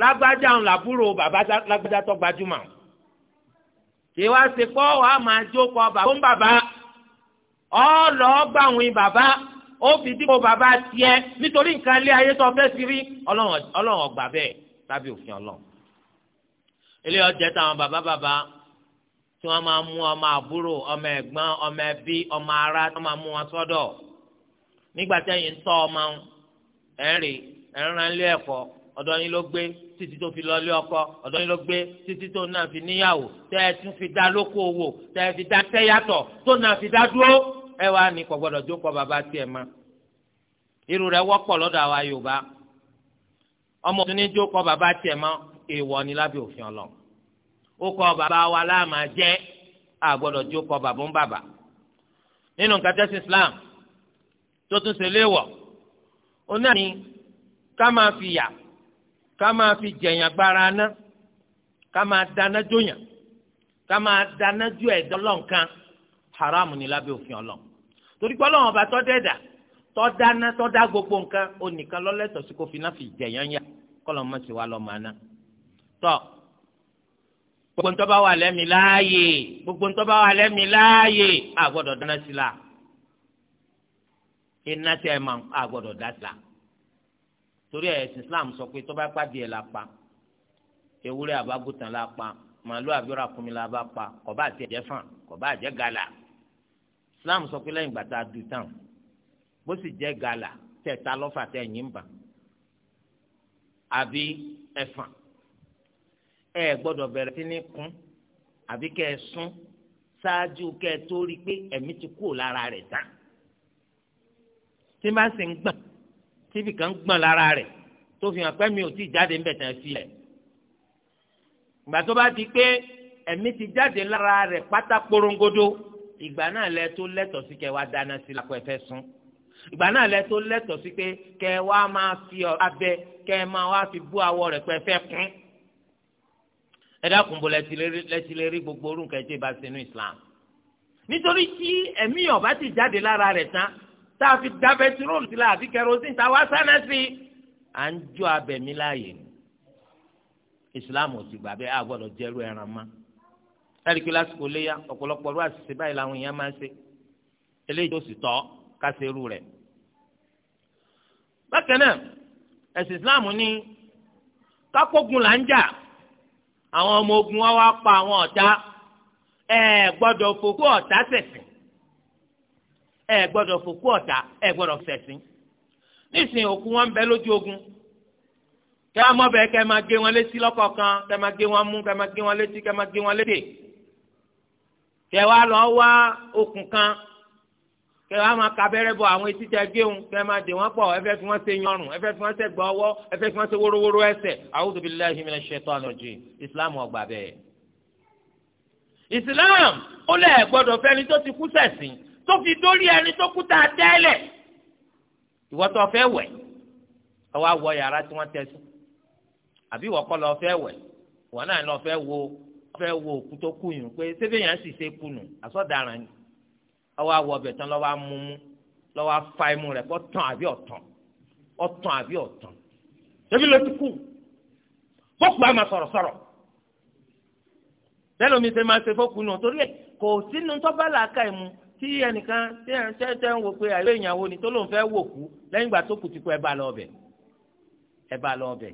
lágbájá òun làbúrò bàbá lágbájá tó gbajúmọ̀ kí wá ṣe pé ọwọ́ á máa jó kọ bàbá fún bàbá ọ lọ́ọ́ gbà wọn bàbá ó fi dípò bàbá tiẹ̀ nítorí nǹkan ilé ayé tó fẹ́ sí rí ọlọ́run ọgbà bẹ́ẹ̀ tàbí òfin ọlọ́run ilé ọjẹ́ táwọn bàbá bàbá tí wọ́n máa mú ọmọ àbúrò ọmọ ẹ̀gbọ́n ọmọ ẹbí ọmọ ará tí wọ́n máa mú wọn sọ́dọ̀ nígbà tẹ́yìn ń tọ́ ọmọ ẹ̀rì ẹ̀ràn ilé ẹ̀kọ́ ọ̀dọ̀ yín ló gbé títí tó fi lọ ilé ọkọ ọ̀dọ̀ yín ló gbé títí tó náà fi níyàwó tẹ́ ẹ tún fi dá lóko owó tẹ́ ẹ fi dá tẹ́yàtọ̀ tó náà fi dá dúró ẹ wá ní kò gbọdọ̀ jókòó bàbá tiẹ̀ ma irú rẹ̀ wọ́pọ̀ lọ́dọ̀ àwa Yorùbá ọmọ tún ní jókòó bàbá tiẹ̀ ma èèwọ̀ ni lábẹ́ òfin Ọlọ́run ó kọ bàbá wa láàmà jẹ́ àgbọ̀dọ̀ tí ó kọ bàbá ń bàbá nínú nǹkan tẹ́sí Islam tó tún ṣe léèwọ̀ ó náà ní ká máa fi yà ká máa fi jẹ̀yàn gbára ná ká máa dáná jóyàn ká máa dáná ju ẹ̀dọ́ lọ́nkàn haramu ni lábẹ́ òfin ọlọ́run torí pé ọlọ́run ọba tó dẹ́dà tó dáná tó dá gbogbo nǹkan onìkan lọ́lẹ́tọ̀ọ́ sí kó náà fi jẹ̀yàn yá kọ́lọ́mọ́sí wa lọ́ọ́ máa ná tọ́. So, gbogbo ntọ́ bá wà lẹ́mi láàyè gbogbo ntọ́ bá wà lẹ́mi láàyè àgbọ̀dọ̀ dáná sí la iná tí ẹ máa àgbọ̀dọ̀ dá sí la torí ẹ̀sìn Islam sọ pé tọ́ba pàdé ẹ̀ la pa ewúrẹ́ àbágùtàn la pa màálù àbíọ́ra kùnmi la bá pa kọ̀bá àti ẹ̀jẹ̀ fàn kọ̀bá àjẹ́ Islam sọ pé lẹ́yìn gbàtà dùn tán bó sì jẹ́ gala tẹ̀ ta lọ́fà tẹ̀ yín bà àbí ẹ̀fàn. E ẹ gbọ́dọ̀ bẹ̀rẹ̀ sí ní kún àbí kẹ́ ẹ sún ṣáájú kẹ́ ẹ tó rí i pé ẹ̀mí ti kúrò lára rẹ̀ tán tí bá sì ń gbọ̀n tí ibìkan ń gbọ̀n lára rẹ̀ tó fi hàn pé mi ò tí ì jáde ńbẹ̀ tán fi ẹ̀ ìgbà tó bá di pé ẹ̀mí ti jáde lára rẹ̀ pátá porongodo ìgbà náà lẹ tó lẹ́tọ̀ọ́ sí kẹ́ wá dáná sí lápò ẹ̀fẹ́ sún ìgbà náà lẹ tó lẹ́tọ̀ọ́ sí pé kẹ́ wá máa fi abẹ kẹ́ máa wá fi bú awọ rẹ̀ pẹ́ fẹ́ kún ẹ dákun bó lẹ́tí lè rí gbogbo orú nǹkan bá sínú Islam nítorí tí ẹ̀mí ọ̀bá ti jáde lára rẹ̀ tán tá a fi da bẹtiróòlù sílẹ̀ àti kẹrosin tá a wá sáná sí i à ń jó abẹ̀mí láàyè ni Islam ò sì gbà bẹ́ẹ̀ a gbọ́dọ̀ jẹ́rú ẹran mọ́ ẹ̀ríkì lásìkò léyà ọ̀pọ̀lọpọ̀ ọdún àṣìṣe báyìí làwọn èèyàn máa ń ṣe eléyìí tó sì tọ́ káṣerú rẹ̀ bákan náà ẹ̀sìn Islam ní kápógun là ń jà àwọn ọmọ ogun wa wá pa àwọn ọ̀tá ẹ gbọ́dọ̀ fòkú ọ̀tá ṣẹ̀sìn ẹ gbọ́dọ̀ fòkú ọ̀tá ẹ gbọ́dọ̀ ṣẹ̀sìn nísìnyí òkú wọn ń bẹ lójú ogun kẹ ẹ mọ bẹ kẹ ẹ gé wọn létí lọ́kọ̀ọ̀kan kẹ ẹ gé wọn mú kẹ ẹ gé wọn létí kẹ ẹ gé wọn lédè kẹ wá lọ wá okùn kan kẹ wàá máa ka abẹ́rẹ́ bọ àwọn etí tẹ géun kẹ máa dè wọ́n pọ̀ ẹfẹ́ fi wọ́n ṣe yanrùn ẹfẹ́ fi wọ́n ṣe gbọ́ ọwọ́ ẹfẹ́ fi wọ́n ṣe wórówóró ẹsẹ̀ a'udhu billahi minash shaitani rajim ìsìláàmù ọgbà bẹ́ẹ̀. ìsìláàmù ó lẹ̀ gbọ́dọ̀ fẹ́ni tó ti kú sẹ̀sìn tó fi dórí ẹni tó kú tá a tẹ́lẹ̀ ìwọ tó fẹ́ wẹ̀ ọwọ́ àwọ̀ yàrá tí wọ́n tẹ́sí àbí ìwọ kọ́ lọ fẹ́ wẹ̀ ìwọ náà lọ fẹ́ wo fẹ́ wo òkú tó kú yùn pé sébèyàn sì ṣe kùnù ọwọ́ awọ ọbẹ̀ tán lọ́wọ́ amúmú lọ́wọ́ afa imú rẹ̀ kọ́ tán àbí ọ̀tàn ọ̀tàn àbí ọ̀tàn ṣebí ló ti kú fọ́ọ̀kù bá máa sọ̀rọ̀ sọ̀rọ̀ bẹ́ẹ̀ lómi ṣe máa ṣe fọ́ọ̀kù nù torí ẹ̀ kò sínú tọ́ba làákà ẹ̀ mu tí ẹnìkan tí ẹ̀ ń tẹ́ ń wò pé àìlè ìyàwó ni tó lóun fẹ́ wò kú lẹ́yìn ìgbà tó kù ti kú ẹ bá lọ ọbẹ̀ ẹ bá lọ ọbẹ̀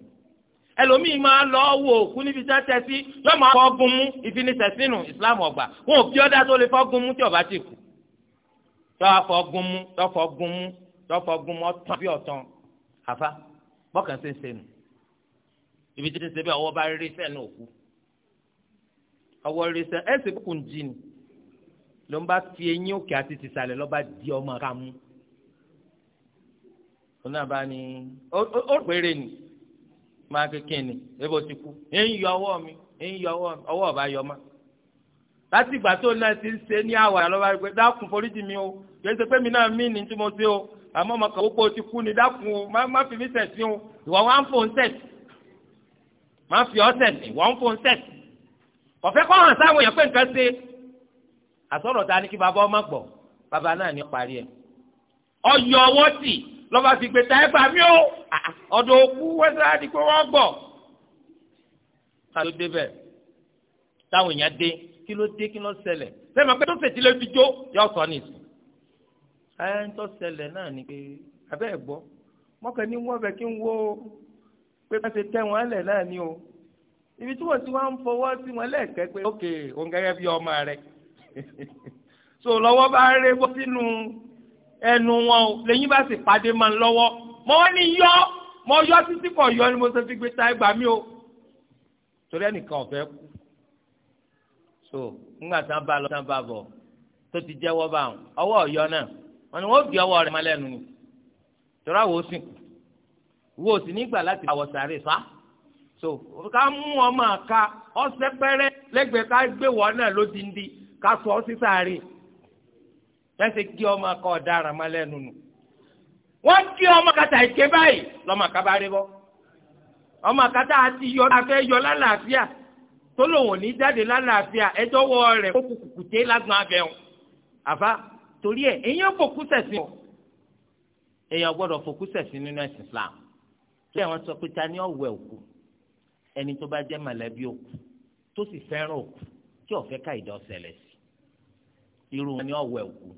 ẹlòmíì máa lọ wò kú níbi tí wọ́n tẹ́ sí yọ́ọ́ máa fọ́ gun mú ìfinisẹ̀sínú ìsìlámù ọgbà wọn ò fi ọ́dá tó lè fọ́ gun tí ọba ti kù tọ́fọ̀ gúnmú tọ́fọ̀ gúnmú tọ́fọ̀ gúnmú ọ̀tán bí ọ̀tán àfa bọ́kàn ṣe ń ṣe nù ibi títí ṣe bí ọwọ́ bá rí sẹ́ẹ̀ náà kú ọwọ́ rí sẹ́ẹ̀ ẹ̀ sì kùn jí ni ló ń bá fi eyín òkè àti tìsàlẹ̀ lọ́ba di ọmọ ká mú òun náà ó péré ni máa kékeré ni ebo ti kú ń yọ ọwọ́ mi ń yọ ọwọ́ mi ọwọ́ ọba yọ ma láti ìgbà tó náà ti ń ṣe ní àwàrà lọ́ba rẹ pé dákun foríjì mi o kìí ṣe pé mi náà mí ni tí mo ṣe o àmọ́ ọmọ kàwé pé o ti kú ni dákun o má má fi mí sẹ̀sìn o ìwọ wá ń fò ń sẹ̀sìn má fi ọ́ sẹ̀sìn ìwọ ń fò ń sẹ̀sìn kọ̀fẹ́ kọ́ hàn sáwọn èèyàn pé nǹkan ṣe àsọ̀rọ̀ ta ni kí bàbá ọmọ gbọ́ bàbá náà ní parí ẹ̀ ọyọ ọwọ́ tì lọ́ba fi gbé táyẹ̀fà mí o ah, ah, ọ̀dọ̀ òkú wẹ́sẹ̀ á di pé wọ́n gbọ́ ká ló dé bẹ́ẹ̀ táwọn èèyàn dé kí ló dé kí ló ṣẹlẹ̀ lẹ́mọ̀ pé tó fètí lé fi jó yọ sọ nìyí ẹ̀ ń tọ́ ṣẹlẹ̀ náà ni pé abẹ́ ẹ̀ gbọ́ mọ́kàn ní wọ́n fẹ́ kí n wo pé bá ṣe tẹ́ wọn lẹ̀ náà ni o ibi tí wọ́n ti wá ń fọwọ́ sí wọn lẹ́ẹ̀kẹ́ pé ókè òun gẹ́gẹ́ bí ọmọ rẹ̀ so lọ́wọ́ bá rẹ́ bọ́ sínú ẹnu wọn o lẹ́yìn bá sì pàdé máa ń lọ́wọ́ mọ́ wọn ní yọ́ mọ́ yọ́ títí kọ̀ yọ́ ni mo ṣe fi gbé ta ẹgbà mí o torí ẹnìkan ọ̀fẹ́ kú so ńgbà tán bá lọ tán bá bọ̀ tó ti jẹ́wọ́ bá wọn ọwọ́ ọ̀yọ́ náà wọn ni wọn fi ọwọ rẹ̀ máa lẹ́nu ni torí àwọn ò wo nígbà láti fa so ká mú ọmọ àka ọsẹ pẹrẹ lẹ́gbẹ̀ẹ́ ká gbé wọn náà lódìndí ká sọ kí ọmọ àka kata ìké báyìí lọmọ bọ yọ afẹ yọ lálàáfíà tó lòun ò ní jáde lálàáfíà ẹjọ wọ rẹ kó kùkùté torí ẹ èyàn fòkú sẹ̀sìn o èyàn gbọ́dọ̀ fòkú sẹ̀sìn nínú ẹ̀sìn Islam tí àwọn sọ pé ta ni ó wẹ òkú ẹni tó bá jẹ́ mọ̀lẹ́bí òkú tó sì fẹ́ràn òkú tí ó ká ìdá ọ̀sẹ̀lẹ̀ sí irú wọn ni ó wẹ òkú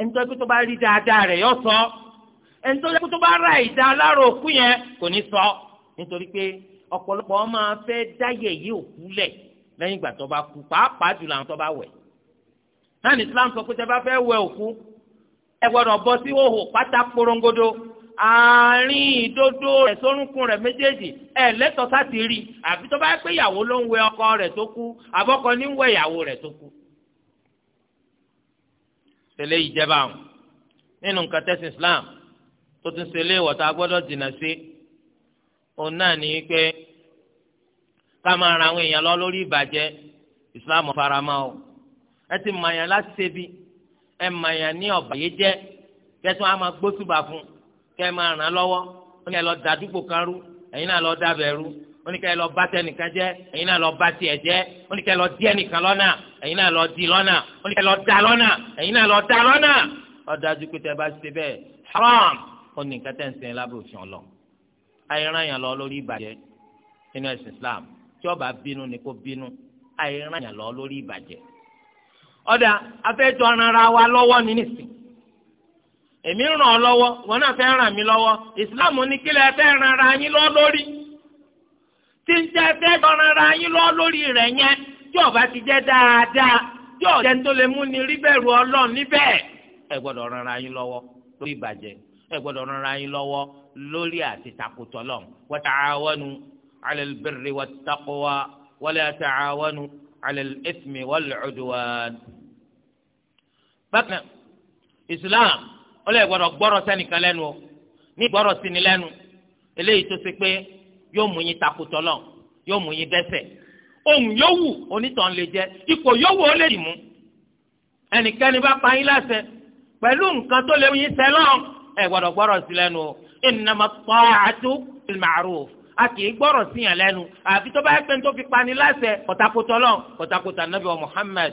ẹni tó yẹ kó tó bá rí dáadáa rẹ̀ yọ sọ ẹni tó yẹ kó tó bá ra ìdá aláró òkú yẹn kò ní sọ nítorí pé ọ̀pọ̀lọpọ̀ máa fẹ́ dáyẹ̀yẹ òkú lẹ̀ lẹ́yìn ìgbà tó bá kú pàápàá jùlọ àwọn tó bá wẹ̀ náà ní Islam sọ pé tẹ́ bá fẹ́ wẹ òkú ẹ gbọ́dọ̀ bọ́ sí hòhò pátá porongodo àárín ìdodo rẹ̀ sórúnkún rẹ méjèèjì ẹ lẹ́tọ̀ọ́ sáti rí àfi tó bá pé ìyàwó ló ń ọkọ rẹ tó kú àbọ̀kọ ní ń wẹ ìyàwó tó kú. ìjẹba àwọn nínú nǹkan Islam tó sí òun náà ní pé ká máa ra àwọn ẹ ti màyàn láti ṣebi ẹ màyàn ní ọ̀bà yìí jẹ́ kẹsàn án máa gbósùbà fún kẹ ẹ máa ràn án lọ́wọ́ ó ní ẹ lọ da àdúgbò kan rú ẹ̀yin náà lọ dábẹ̀ rú ó ní kẹ ẹ lọ bá tẹnìkan jẹ́ ẹ̀yin náà lọ bá tiẹ̀ jẹ́ ó ní kẹ ẹ lọ di ẹnìkan lọ́nà ẹ̀yin náà lọ di lọ́nà ó ní kẹ ẹ lọ da lọ́nà ẹ̀yin náà lọ da lọ́nà ọ̀dájú pé tẹ bá ṣe bẹ́ẹ̀ haram ó ní nǹkan ń sẹ́yìn lábẹ́ òfin ọlọ́ àìrànyàn lọ lórí ìbàjẹ́ nínú ẹ̀sìn Islam tí ó bá bínú ni kó bínú àìrànyàn lọ lórí ìbàjẹ́ ọ̀dà afẹ́jọ́ ara wa lọ́wọ́ ní nìsín èmi ràn ọ́ lọ́wọ́ wọn náà fẹ́ ràn mí lọ́wọ́ islam ní kílẹ̀ fẹ́ ràn ara yín lórí tí ń jẹ́ fẹ́ ràn ara yín lọ lórí rẹ̀ yẹn tí ọba ti jẹ́ dáadáa tí ọ̀jẹ̀ tó lè mú ni rí bẹ̀rù ọlọ́run níbẹ̀ ẹ gbọ́dọ̀ ràn ara yín lọ́wọ́ lórí ìbàjẹ́ ẹ gbọ́dọ̀ ràn ara yín lọ́wọ́ lórí bákan islam ọlọ́ọ̀ gbọ́dọ̀ gbọ́rọ̀ sẹ́nìkan lẹ́nu o ní gbọ́rọ̀ sí ni lẹ́nu eléyìí tó ṣe pé yóò mú yín takùtọ̀ lọ yóò mú yín dẹ́ṣẹ̀ ohun yóò wù onítàn lè jẹ ipò yóò wù ó lè dì mú ẹnikẹ́ni bá pa yín láṣẹ pẹ̀lú nǹkan tó lè yín sẹ́lọ̀ ẹ gbọ́dọ̀ gbọ́rọ̀ sí lẹ́nu o innama ta'atu bil ma'ruf a kì í gbọ́rọ̀ sí lẹ́nu àfi tó bá yẹ pé tó fi pani láṣẹ kọ̀takùtọ̀ Muhammad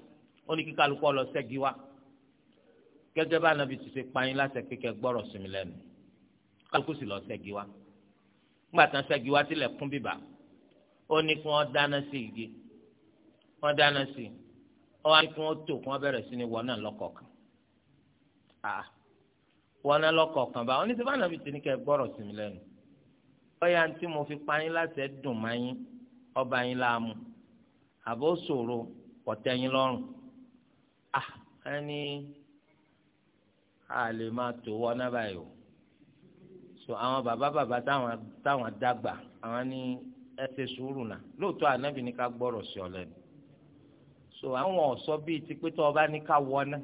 ó ní kíkálukú ọlọ sẹ́gi wá gẹ́gẹ́ bá anabi ti ṣe pa yín láti kékeré gbọ́rọ̀ sí mi lẹ́nu kálukú sì lọ sẹ́gi wá nígbà tán sẹ́gi wá tilẹ̀ kún bíbà ó ní kí wọ́n dáná sí igi wọ́n dáná sí ó wá ní kí wọ́n tò kí wọ́n bẹ̀rẹ̀ sí ní wọ́n náà lọ́kọ̀ọ̀kan wọ́n náà bá oníṣẹ́ bá anabi ti ní kẹ́ gbọ́rọ̀ sí mi lẹ́nu mo fi pa yín láti dùn máa yín ọba yín láàmú àbó ṣòro kọ̀tẹ́yìn lọ́rùn ẹni ah, a lè máa tó o so àwọn bàbá bàbá táwọn táwọn dàgbà àwọn ní ẹ ṣe sùúrù náà lóòótọ́ ànábì ní ká so àwọn ọ̀sọ́ bíi ti pé tó ọba ní ká wọná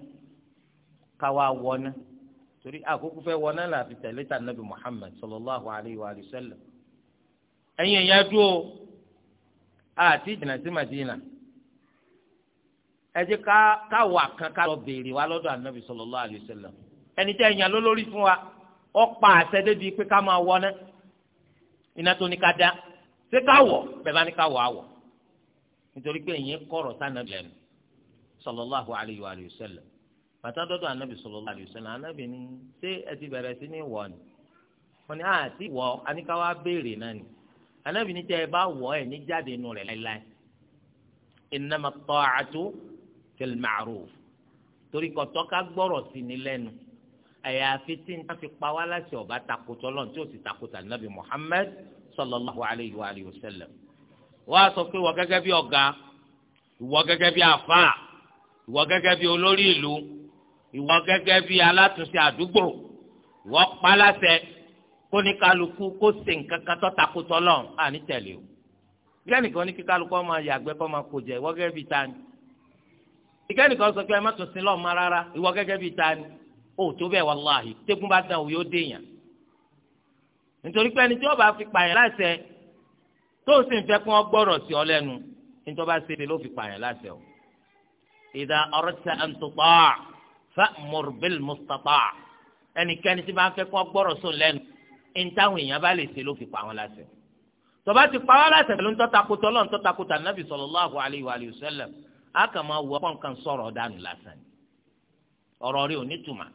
ká wá wọná torí àkókò fẹ́ wọná là fi tẹ̀lé ta nàbì Muhammad sallallahu alayhi wa sallam ẹ̀yin ẹ̀yà dúró àti sí ẹ jẹ́ ká wà kan ká lọ béèrè wa lọ́dọ̀ anabi sallallahu alaihi wasallam ẹni tẹ́ ẹ̀yàn ló lórí fún wa ọ pa àṣẹ débi pé ká máa wọ ná iná tó ní ká dá ṣé ká wọ̀ bẹ́ẹ̀ bá ní ká wọ̀ àwọ̀ nítorí pé ìyẹn kọ̀rọ̀ sànàbì lẹ́nu sallallahu alaihi wa alihi wasallam bàtà dọ́dọ̀ anabi sallallahu alaihi wasallam anabi ni ṣé ẹ ti sí ní wọ̀ ni wọ́n ní àti wọ̀ aníkàwá béèrè náà ni anabi ni tẹ́ ẹ bá wọ̀ ẹ̀ ní jáde nù rẹ̀ láéláé fil ma'ruf torí kọtọ ká gbọ́rọ̀ sí ni lẹ́nu àyàfi tí n fi pa wá láti ọba takotọ lọn tí o sì takotọ anabi muhammed sallallahu alayhi wa alayhi wa sallam wọ́n á sọ pé wọ́n gẹ́gẹ́ bí ọ̀gá ìwọ gẹ́gẹ́ bí àfáà ìwọ gẹ́gẹ́ bí olórí ìlú ìwọ gẹ́gẹ́ bí alátúnṣe àdúgbò ìwọ paláṣẹ kó ní kálukú kó ṣe nǹkan kan tó takotọ lọn àní tẹ̀lé o yẹ́nìkan ní kí kálukú ọmọ yàgbẹ́ kọ́ máa kó jẹ ìwọ gẹ́gẹ́ bí tani ìkẹ́nìkan sọ pé ẹ má tún sin lọ́ọ̀ mọ́ rárá ìwọ gẹ́gẹ́ bíi ta ni ó tó bẹ́ẹ̀ wàláhì tẹ́kùn bá dàn òyò déèyàn nítorí pé ẹni tí wọ́n bá fi pààyàn láṣẹ tó sì ń fẹ́ kí wọ́n gbọ́rọ̀ sí ọ lẹ́nu nítorí bá ṣe lè ló fi pààyàn láṣẹ o. ìdá ọ̀rọ̀ ti ẹ̀ ń tó pa fa mọ̀rùbẹ́l mustapha ẹnikẹ́ni tí wọ́n fẹ́ kí wọ́n gbọ́rọ̀ sóun lẹ́nu ní èèyàn bá lè ṣe ló fi pààyàn láṣẹ. tọ́ba ti pa láṣẹ pẹ̀lú ntọ́takùtọ́ lọ́ntọ́takùtà nàbì sallallahu alaihi a kàn máa wọ ọkọ nǹkan sọ̀rọ̀ dànù lásán ọ̀rọ̀ rí onítùmá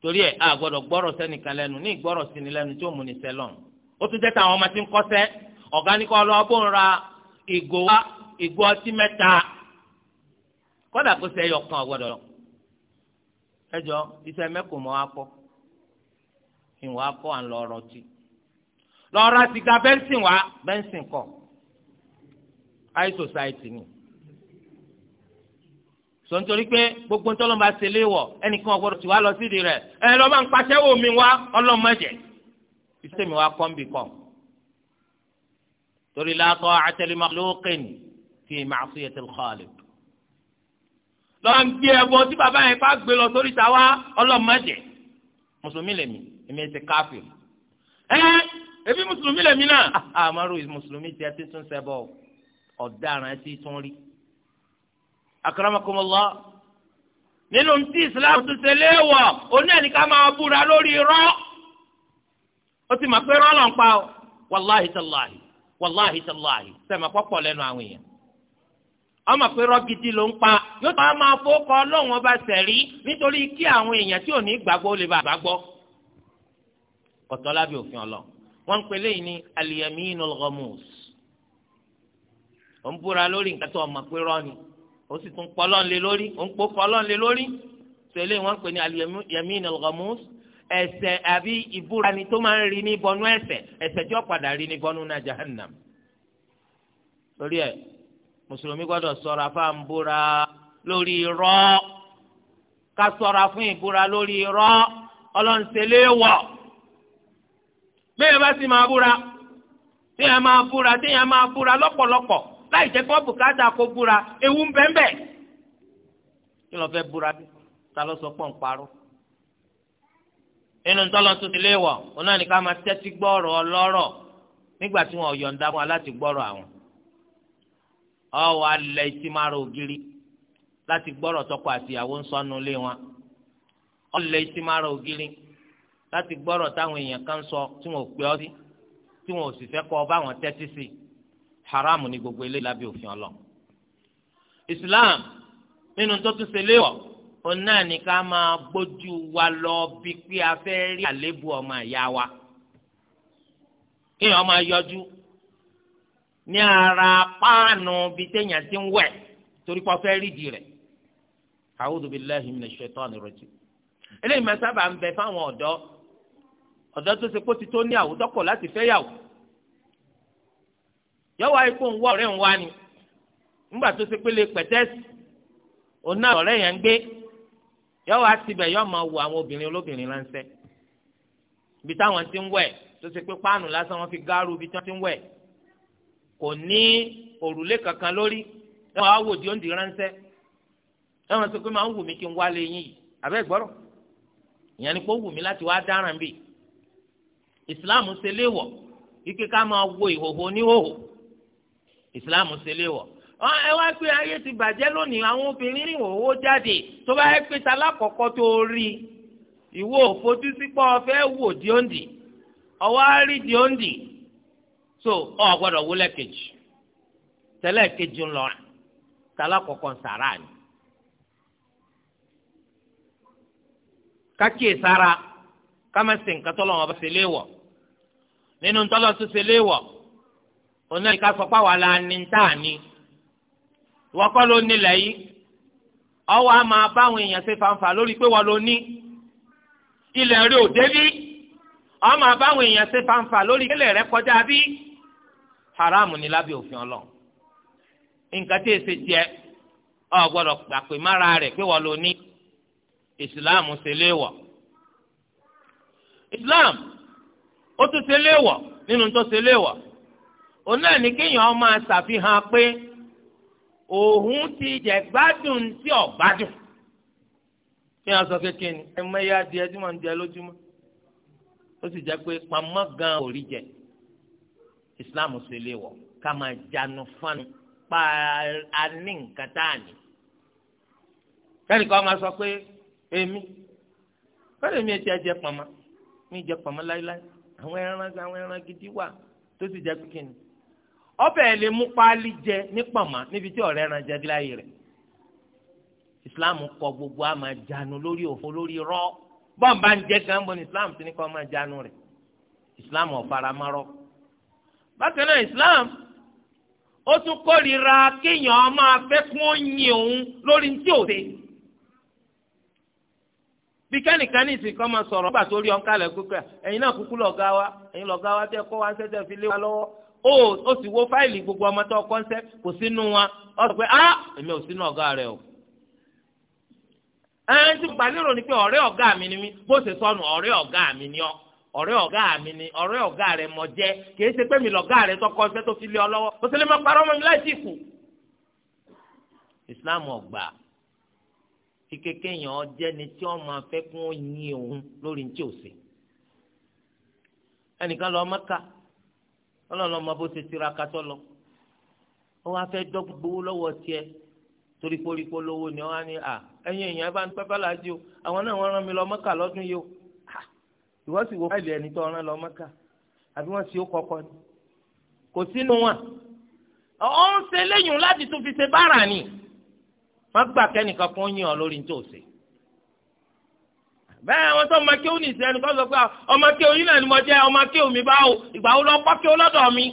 torí ẹ̀ a gbọ́dọ̀ gbọ́rọ̀ sẹ́nìkan lẹ́nu ní ìgbọ́rọ̀ sí ni lẹ́nu tí ó mú ni sẹ́lọ̀n ó tún jẹ́ táwọn ọmọ tí ń kọ́sẹ́ ọ̀gá ní kọ́ lọ bó ń ra ìgò wa ìgò ọtí mẹ́ta kọ́dà kó sẹ́ yọ kan ọ̀gbọ́dọ̀ ẹjọ́ iṣẹ́ mẹ́kùn mọ́ akọ ìwọ akọ à ń lọ ọrọ̀ tí lọ́ọ́ ra sìgá bẹ́ńsìn wa bẹ́ńsìn kọ high society ni tó ń torí pé gbogbo ń tọ́lọ́mọba ṣe léwọ̀ ẹnìkan ọ̀gbọ́dọ̀ tí wàá lọ sídìí rẹ̀ ẹ lọ́ bá ń paṣẹ́ wò mí wá ọlọ́mọdé ìṣe mi wá kọ́ ń bì kàn. torí la ta'ata li makhluqin fi ma'siyati al-khaliq. lọ́n gbé ẹbọ tí bàbá yẹn bá gbé lọ sórí ta wá ọlọ́mọdé mùsùlùmí lèmi èmi ti káfíìn. ẹ ẹbí mùsùlùmí lèmi náà àmọ́rù ah, ah, mùsùlùmí ti ẹ ti tún ṣẹbọ ọ̀daràn ẹ ti tún rí akramakumullah nínú tí islam tó ṣe léèwọ̀ oní ẹni ká máa búra lórí irọ́ ó ti mọ̀ pé rọ́ọ̀lọ́ ń pa ọ́ wàláhi tàláhi wàláhi tàláhi sẹ́mi àpọ̀pọ̀ lẹ́nu àwọn èèyàn ọmọ pé rọ́gidi ló ń pa yóò tó máa fowókọ ọlọ́run ọba sẹ̀rí nítorí kí àwọn èèyàn tí ò ní gbàgbọ́ lè bá gbàgbọ́ ọ̀tọ̀ òfin ọlọ́run wọ́n ń léyìn ní al-yaminul ghamus ó ń búra lórí nǹkan tó ọmọ pé rọ́ọ̀ni ó sì tún pọlọ́n lé lórí ó ń pò pọlọ́n lé lórí tẹ̀lé wọn pè ní al-yamin al-ghamus àbí ìbúra ni tó máa ń rí ní bọnú ẹ̀ṣẹ̀ ẹ̀ṣẹ̀ tí ó padà rí ní bọnú náà jahannam torí ẹ mùsùlùmí gbọ́dọ̀ ṣọ́ra fáwọn búra lórí irọ́ ká ṣọ́ra fún ìbúra lórí irọ́ ọlọ́nṣẹ́lẹ̀ wọ̀ bẹ́ẹ̀ bá sì máa búra téèyàn máa búra téèyàn máa búra lọ́pọ̀lọpọ̀ láì jẹ́ kó bùkátà kó búra ewu ń bẹ́ńbẹ́ kí lọ́ọ́ fẹ́ búra bí ta ló sọ pọ̀ ń parọ́ nínú tọ́lọ́ tó ti léèwọ̀ òun náà ní ká máa tẹ́tí gbọ́rọ̀ ọlọ́rọ̀ nígbà tí wọn yọ̀ǹda wọn láti gbọ́rọ̀ àwọn ọwọ́ alẹ́ tí máa ra ògiri láti gbọ́rọ̀ tọkọ àtìyàwó ń sọnù lé wọn ọlẹ́ tí máa ra ògiri láti gbọ́rọ̀ táwọn èèyàn kan sọ tí wọn ò pè ọ́ sí tí wọn ò sì fẹ́ kọ́ ọ bá wọn tẹ́tí sí i haramu ni gbogbo eléyìí lábẹ́ òfin ọlọ islam nínú tó tún ṣe léwọ̀ òun náà ní ká máa gbójú wa lọ bí pé a fẹ́ rí àléébù ọmọ ìyá wa kéèyàn máa yọjú ní ara páànù bíi téèyàn ti ń wẹ̀ torí pé a fẹ́ rí di rẹ̀ a'udhu billahi minash shaitani rajim eléyìí máa ń bẹ fáwọn ọ̀dọ́ ọ̀dọ́ tó ṣe kó ti tó ní àwùjọ kọ̀ láti fẹ́ yàwó yọwọ ikú ń wá ọ̀rẹ́ ń ni ńgbà tó ṣe pélé pẹ̀tẹ́sì òun náà ọ̀rẹ́ yẹn ń gbé yọwọ àtibẹ yọọ máa wo àwọn obìnrin olóbìnrin ránṣẹ́ ibi táwọn ti ń tó ṣe pé páànù lásán wọn fi gáàrú ibi tí ti ń kò ní òrùlé kankan lórí di sọ pé máa ń wù mí kí n wá ike ká máa ìhòhò oníhòhò islam ṣe léèwọ̀ ẹ wá pé ayé ti bàjẹ́ lónìí àwọn obìnrin ní òwò jáde tó bá yẹ pé talákọ̀ọ́kọ́ tó rí ìwọ òfojú sípọ̀ fẹ́ wò díòǹdì ọwọ́ á rí díòǹdì so ọ gbọ́dọ̀ wúlẹ̀ kejì tẹ́lẹ̀ kejì ńlọ talákọ̀ọ́kọ́ nsàrà ni. kákìí sára kámẹ́sì nǹkan tọ́lọ́ wọn bá ṣe léèwọ̀ nínú tọ́lọ́ tó ṣe léèwọ̀ oná ìka sọ pé àwa la ní tá a ní ìwọ kọ́ ló nílẹ̀ yìí ọwọ́ a máa báwọn èèyàn ṣe fanfà lórí pé wọ́n ló ní ilẹ̀ rẹ̀ ò débí ọwọ́ máa báwọn èèyàn ṣe fanfà lórí ilẹ̀ rẹ̀ kọjá bí haramu ni lábẹ́ òfin ọlọ́run nǹkan tí èsì jẹ ọ gbọ́dọ̀ gbàpè mára rẹ̀ pé wọ́n ló ní ìsìláàmù ṣe léèwọ̀ ìsìláàmù ó tún ṣe léèwọ̀ nínú tó ṣe léèwọ̀ òun náà ní kéèyàn máa ṣàfihàn pé òun ti jẹ gbádùn tí ò gbádùn kí wọn sọ kékeré ni ẹ mọ ẹyà adìẹ tí wọn ń jẹ lójúmọ́ ó sì jẹ pé pamọ́ gan orí jẹ Islam ṣe lè wọ ká máa jánu fánu pa aní nǹkan tá a ní kẹ́nìkan máa sọ pé èmi fẹ́rẹ̀ mi ti jẹ pamọ́ mi jẹ pamọ́ láéláé àwọn ẹran àwọn ẹran gidi wà tó sì jẹ kékeré ni ọbẹ̀ lè mú páálí jẹ níbi tí ọ̀rẹ́ ran jẹ láyé rẹ̀ islam kọ gbogbo a máa lórí òfo lórí rọ ń gan islam ti ní kọ́ máa jánu rẹ̀ islam bákan náà islam ó tún kórìíra kéèyàn máa fẹ́ fún òun lórí ní tí bí kẹ́nìkan kọ́ wa ń ó ó sì wo fáìlì gbogbo ọmọ tó kọ́ńsẹ́ kò sínú wọn ó sọ pé ah èmi ò sínú ọ̀gá rẹ o ẹn tí gbà lérò ni pé ọ̀rẹ́ ọ̀gá mi ni mí bó ṣe sọnù ọ̀rẹ́ ọ̀gá mi ni ọ́ ọ̀rẹ́ ọ̀gá mi ni ọ̀rẹ́ ọ̀gá rẹ mọ̀ jẹ́ kì í ṣe pé mi lọ̀gá rẹ tọkọ ṣẹ́ tó fi lé ọ lọ́wọ́ ó ṣe lè má parọ́ mọ́ mi láì sí ìkù. ìsìláàmù ọ̀gbà kí kékèèyàn jẹ́ ni tí wọ́n máa fẹ́ kún yín òun lórí ní tí ò sí. ẹnìkan lọ Mẹ́kà ọlọ́run ọmọ bó ti tiraka sọ́lọ ó wá fẹ́ dọ́ gbowó lọ́wọ́ tiẹ̀ torí koríko lówó ni wọ́n á ní à ẹ̀yin èèyàn bá ń pẹ́ bá láti o àwọn náà wọ́n rán mi lọ Mẹ́kà lọ́dún yìí o ìwọ sì wo fáìlì ẹni tó rán lọ Mẹ́kà àbí wọ́n sì ó kọ́kọ́ ni kò sínú wọn ọ̀ ń ṣe léyìn láti tún fi ṣe bára ni wọ́n gbà kẹ́nìkan kún yín ọ lórí ní tòsí bẹ́ẹ̀ wọ́n sọ ọmọ kéwù ní ìsìn ẹnìkan sọ pé ọmọ kéwù yín náà ni mo jẹ́ ọmọ kéwù mi báwo ìgbà wo lọ kọ́ kéwù lọ́dọ̀ mi.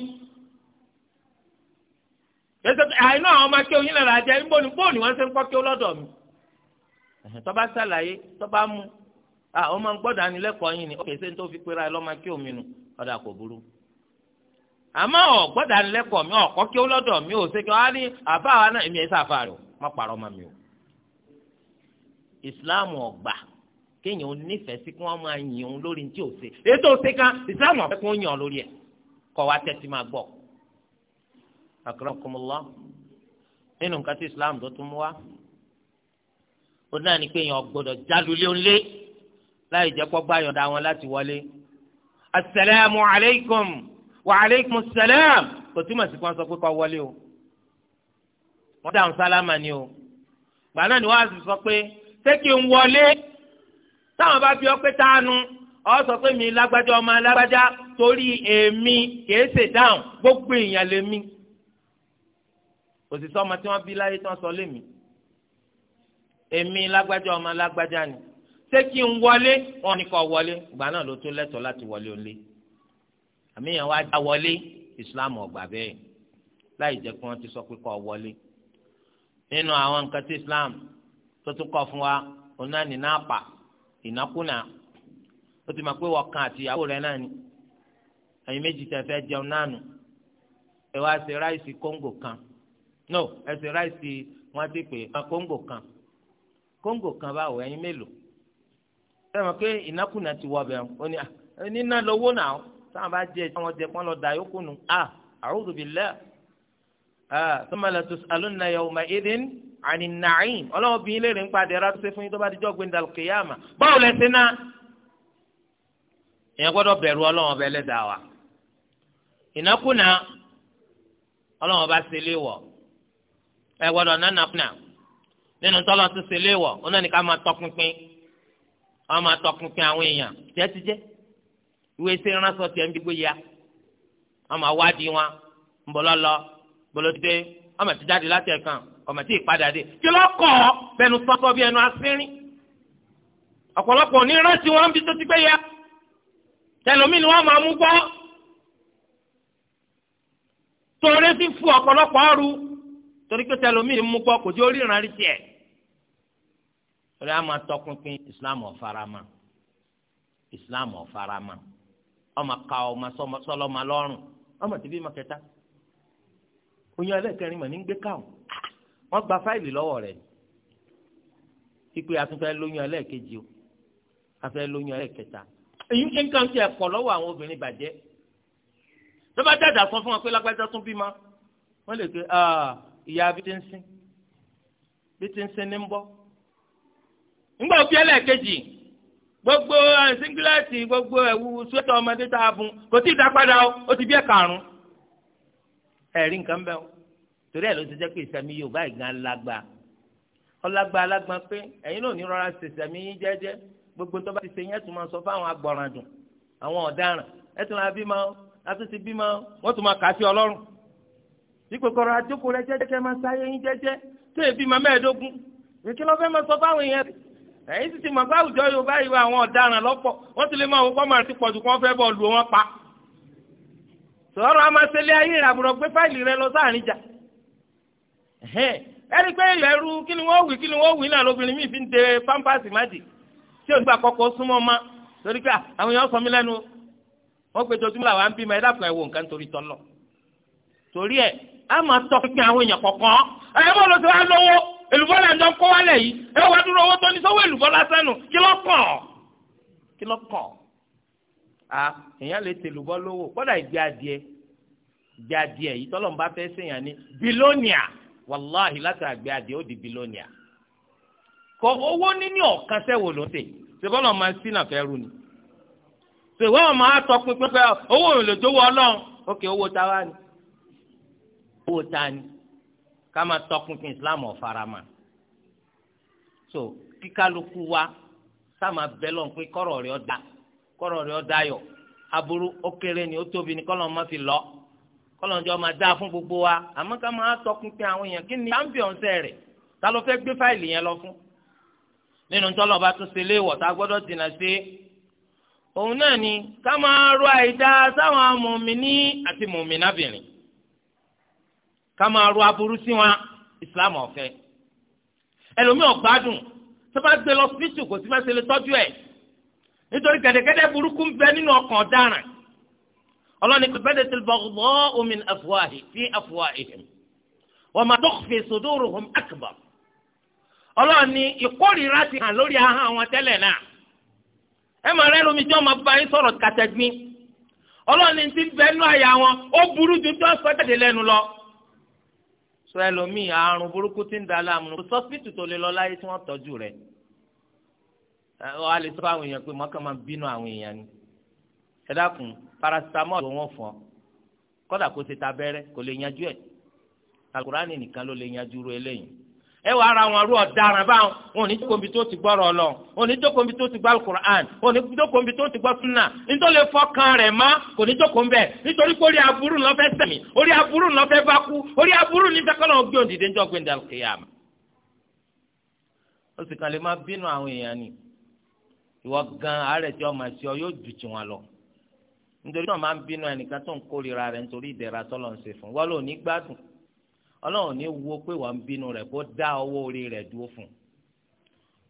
àìní àwọn ọmọ kéwù yín náà là jẹ́ bóni bóni wọ́n ṣe ń kọ́ kéwù lọ́dọ̀ mi. tọ́ba ṣàlàyé tọ́ba mú ọmọ gbọ́dọ̀ ànilẹ́kọ̀ọ́ yín ni ó kèsè tó fi pera lọ́mọ kéwù mi nù ọ̀dà kò burú. àmọ́ ọ̀ gbọ́dọ̀ ànilẹ́kọ̀ọ́ mi ọ̀kọ́ kéwù lọ́dọ̀ mi ò ṣe kí wọ́n á kéèyàn ò nífẹ̀ẹ́ sí kí wọ́n máa yìn òun lórí tí ò ṣe ètò òṣè kan ìsìlámù ọ̀fẹ́ kí wọ́n yàn lórí ẹ̀ kọ́ wa tẹ́tí máa gbọ́. akramakumullah nínú nǹkan tí ìsìlámù tó tún mú wa ó náà ní kéèyàn gbọ́dọ̀ jálulẹ̀ ńlẹ̀ láì jẹ́ kó gbá wọn láti wọlé. asalaamu alaykum wa alaykum salaam kò túmọ̀ sí kí wọ́n sọ pé kó wọlé o wọ́n dáhùn sálámà ni o gbàdá ni sì sọ pé ṣé kí n wọlé táwọn bá fi ọ pé tánu ọ sọ pé mi lágbájá ọmọ lágbájá torí èmi kìí ṣe dáhùn gbogbo èèyàn lèmi òṣìṣẹ́ ọmọ tí wọ́n bí láyé tí wọ́n sọ lémi èmi lágbájá ọmọ lágbájá ni ṣé kí n wọlé wọn ní kó wọlé ìgbà náà ló tó lẹ́tọ̀ọ́ láti wọlé olé àmì yẹn wá dá wọlé ìsìláàmù ọgbà bẹ́ẹ̀ láì jẹ́ pé wọ́n ti sọ pé kó wọlé nínú àwọn nǹkan tí ìsìláàmù tó tún kọ́ fún wa onáni náà pa ìnákúnà ó ti máa pé wọ̀kan àti ìyàwó rẹ̀ náà ni ẹ̀yin méjì tẹ̀ fẹ́ jẹun náà nù ẹ wá ṣe ráìsì kóńgò kan no ẹ ṣe ráìsì wọn ti pè é kóńgò kan kóńgò kan báwo ẹ̀yin mélòó ṣé wọn pé ìnákúnà ti wọ ọbẹ̀ ọ ní níná lówó náà táwọn bá jẹ àwọn jẹ pọ́n lọ dà yókù nù a a'udhu billah ah thumma la tus'alunna yawma ani nàáyìn ọlọ́wọ́ bí ilé rẹ̀ ń padà ẹ̀rọ ṣe fún yín tó bá di jọ́ gbẹ̀ndà kìyàmà báwo lẹ ṣe ná. èèyàn gbọ́dọ̀ bẹ̀rù ọlọ́wọ́ bẹ lẹ́dàá wa ìnákùná ọlọ́wọ́ bá ṣe lé wọ̀ ẹ gbọ́dọ̀ nánàkùná nínú tọ́lọ́ ṣe lé wọ̀ ní ká máa tọpinpin ká máa tọpinpin àwọn èèyàn jẹ́ ti jẹ́ ìwé ṣe ránṣọ tiẹ̀ ń dìgbò ya ọmọ awádìí wọn ń ọmọ tí ìpadà dé kí ló kọ ọ bẹnu bí ẹnu asínrín ọ̀pọ̀lọpọ̀ òní wọn bí tó ti gbé ya tẹlomi wọn máa mú gbọ́ torí ti fún ọ̀pọ̀lọpọ̀ ọrù torí pé tẹlomi mú kò tí ó ríran rí torí a máa tọpinpin Islam ọ̀farama Islam ọ̀farama ọmọ ká ọmọ ọmọ tìbí mọ kẹta oyún ní gbé wọ́n gba fáìlì lọ́wọ́ rẹ̀ ni ipe atúnfẹ́ lóyún ẹlẹ́ẹ̀kejì o afẹ́ lóyún ẹlẹ́ẹ̀kẹta èyí nǹkan tí ẹ kọ̀ lọ́wọ́ àwọn obìnrin bàjẹ́ tó bá dàda sọ fún wọn pé lágbájá tún bímọ wọ́n lè pe ìyá bí ti ń sin bí ti ń sin ní ń bọ́ ńgbà òbí ẹlẹ́ẹ̀kejì gbogbo eh, singilẹ́tì gbogbo ẹ̀wù sweater ọmọdé tá a bùn kò tí ì dá padà o ó ti bí ẹ̀ karùn-ún ẹ̀rí nǹkan bẹ́ẹ̀ o torí ẹ̀ ló ti jẹ́ pé ìsẹ̀mí yóò báyìí gan lágbá ọlágbá alágbá pé ẹ̀yin náà ní rọra ṣe ìsẹ̀mí yín jẹ́jẹ́ gbogbo tó bá ti ṣe yẹn tún máa sọ fáwọn agbọ̀ràndùn àwọn ọ̀daràn ẹ̀ tún máa bímọ látún ti bímọ wọ́n tún máa kà á sí ọlọ́run ìkòkòrò àjókòó rẹ jẹ́jẹ́ kẹ́ máa sáyé yín jẹ́jẹ́ tó èbí máa mẹ́ẹ̀ẹ́dógún èké lọ́fẹ́ máa sọ fáwọn èèyàn ẹ̀yin sì ti mọ̀ pé àwùjọ yorùbá ìwé àwọn ọ̀daràn lọ́pọ̀ wọ́n ti lè máa wọ́pọ̀ máa ti pọ̀jù kó fẹ́ bọ́ọ̀lù wọn pa sọ̀rọ̀ àmàṣẹ́lẹ̀ ayé ìràbùrọ̀ gbé fáìlì rẹ lọ sáàrin jà ẹni pé ẹrú kí ni wọ́n wí kí ni wọ́n wí náà lóbìnrin mi fi ń de pampers madi tí òun gbà kọ́kọ́ súnmọ́ ma torí pé àwọn èèyàn sọ mí lẹ́nu wọ́n pe jojúmọ́ làwọn ń bímọ ẹ dákun ẹ wò nǹkan torí tọ́lọ̀ torí ẹ á máa tọ́ pípín àwọn èèyàn kọ̀ọ̀kan ẹ bọ́ lọ sí wa lọ́wọ́ èlùbọ́ là ń dán kó wálẹ̀ yìí ẹ wá dúró owó tó ní sọ́wọ́ èlùbọ́ lásán nù kí ló kàn kí ló kàn á èèyàn lè tèlùbọ́ lówó kọ́dà ìgbé adìẹ ìgbé adìẹ yìí tọ́lọ́ wàláhì látàgbé adìẹ ó di bílíọ̀nìà kọ owó níní ọ̀kan sẹ́wò ló ń tè máa ń ni ṣèwọ́ ọmọ àtọkùn pípẹ́ owó òun lè jówó ọlọ́run ókè owó ta wá ni owó ta ni ká máa tọkùnkùn islam ọ̀farama so kíkálukú wa sáma bẹ́lọ̀ pé kọ́rọ̀ rẹ̀ da kọ́rọ̀ rẹ̀ ọ̀dà yọ aburú ó kéré ni ó tóbi ni kọ́lọ́ máa fi lọ́ọ́ kọlọ́njọ́ máa dáa fún gbogbo wa àmọ́ ká máa tọpinpin àwọn èèyàn kí ni championsẹ̀ rẹ̀ ta ló fẹ́ gbé fáìlì yẹn lọ fún. nínú tọ́lọ́ba tó ṣe léèwọ̀ tá a gbọ́dọ̀ dènà sí òun náà ni ká máa ro àìdá sáwọn mùmíní àti mùmínábìnrin ká máa ro aburú sí wọn ìsìlámù ọ̀fẹ́ ẹlòmíì ọ̀gbádùn tó bá gbé lọ fíṣù kò sí fẹ́ ṣe lè tọ́jú ẹ̀ nítorí gẹ̀dẹ̀gẹ̀dẹ̀ burúkú ń bẹ nínú ọkàn ọ̀daràn ọlọ́ni pẹ̀lú ti baghdha'u min afwahi fi afwahihim wa ma tukhfi suduruhum akbar ọlọ́ni ìkórìíra ti hàn lórí ahọ́n àwọn tẹ́lẹ̀ náà ẹ máa rẹ́ lómi tí wọ́n máa bá yín sọ̀rọ̀ kàtẹ́gbín ọlọ́ni ti bẹ́ẹ̀nu àyà wọn ó burú ju tí wọ́n sọ jáde lẹ́nu lọ. sọ ẹlòmíì àrùn burúkú ti ń da láàmú kò sọ́sìtì tó lè lọ láyé tí wọ́n tọ́jú rẹ̀ ọ ẹ dákun paracetamol wọn fọ kódà kó ṣe tabẹ́rẹ́ kò lè yanjú ẹ̀ alukurani nìkan ló lè yanjú ru eléyìí ẹ wàá ra wọn rú ọ̀daràn báwọn wọn ò ní jókòó ibi tó ti gbọ́ ọ̀rọ̀ lọ wọn ò ní jókòó ibi tó ti gbọ́ alukur'an wọn ò ní jókòó ibi tó ti gbọ́ sunna nítorí fọkàn rẹ̀ má kò ní jókòó mbẹ nítorí pé orí aburú ńlọ fẹ́ sẹ̀mí orí aburú ńlọ fẹ́ bá kú orí aburú ní sẹ́kọ̀lọ́ gbé òǹdìdé ńjọ́ gbé ndàlù kéyàmù. ó sì kàn lè má bínú àwọn èèyàn ni ìwọ gan àárẹ̀ tí ọ nítorí náà máa ń bínú ẹnìkan tó ń kórìíra rẹ̀ nítorí ìdẹ̀ra tọ́lọ̀ ń ṣe fún wọ́n lò ní gbádùn ọlọ́run ní wo pé wọ́n ń bínú rẹ̀ kó dá owó orí rẹ̀ dúró fún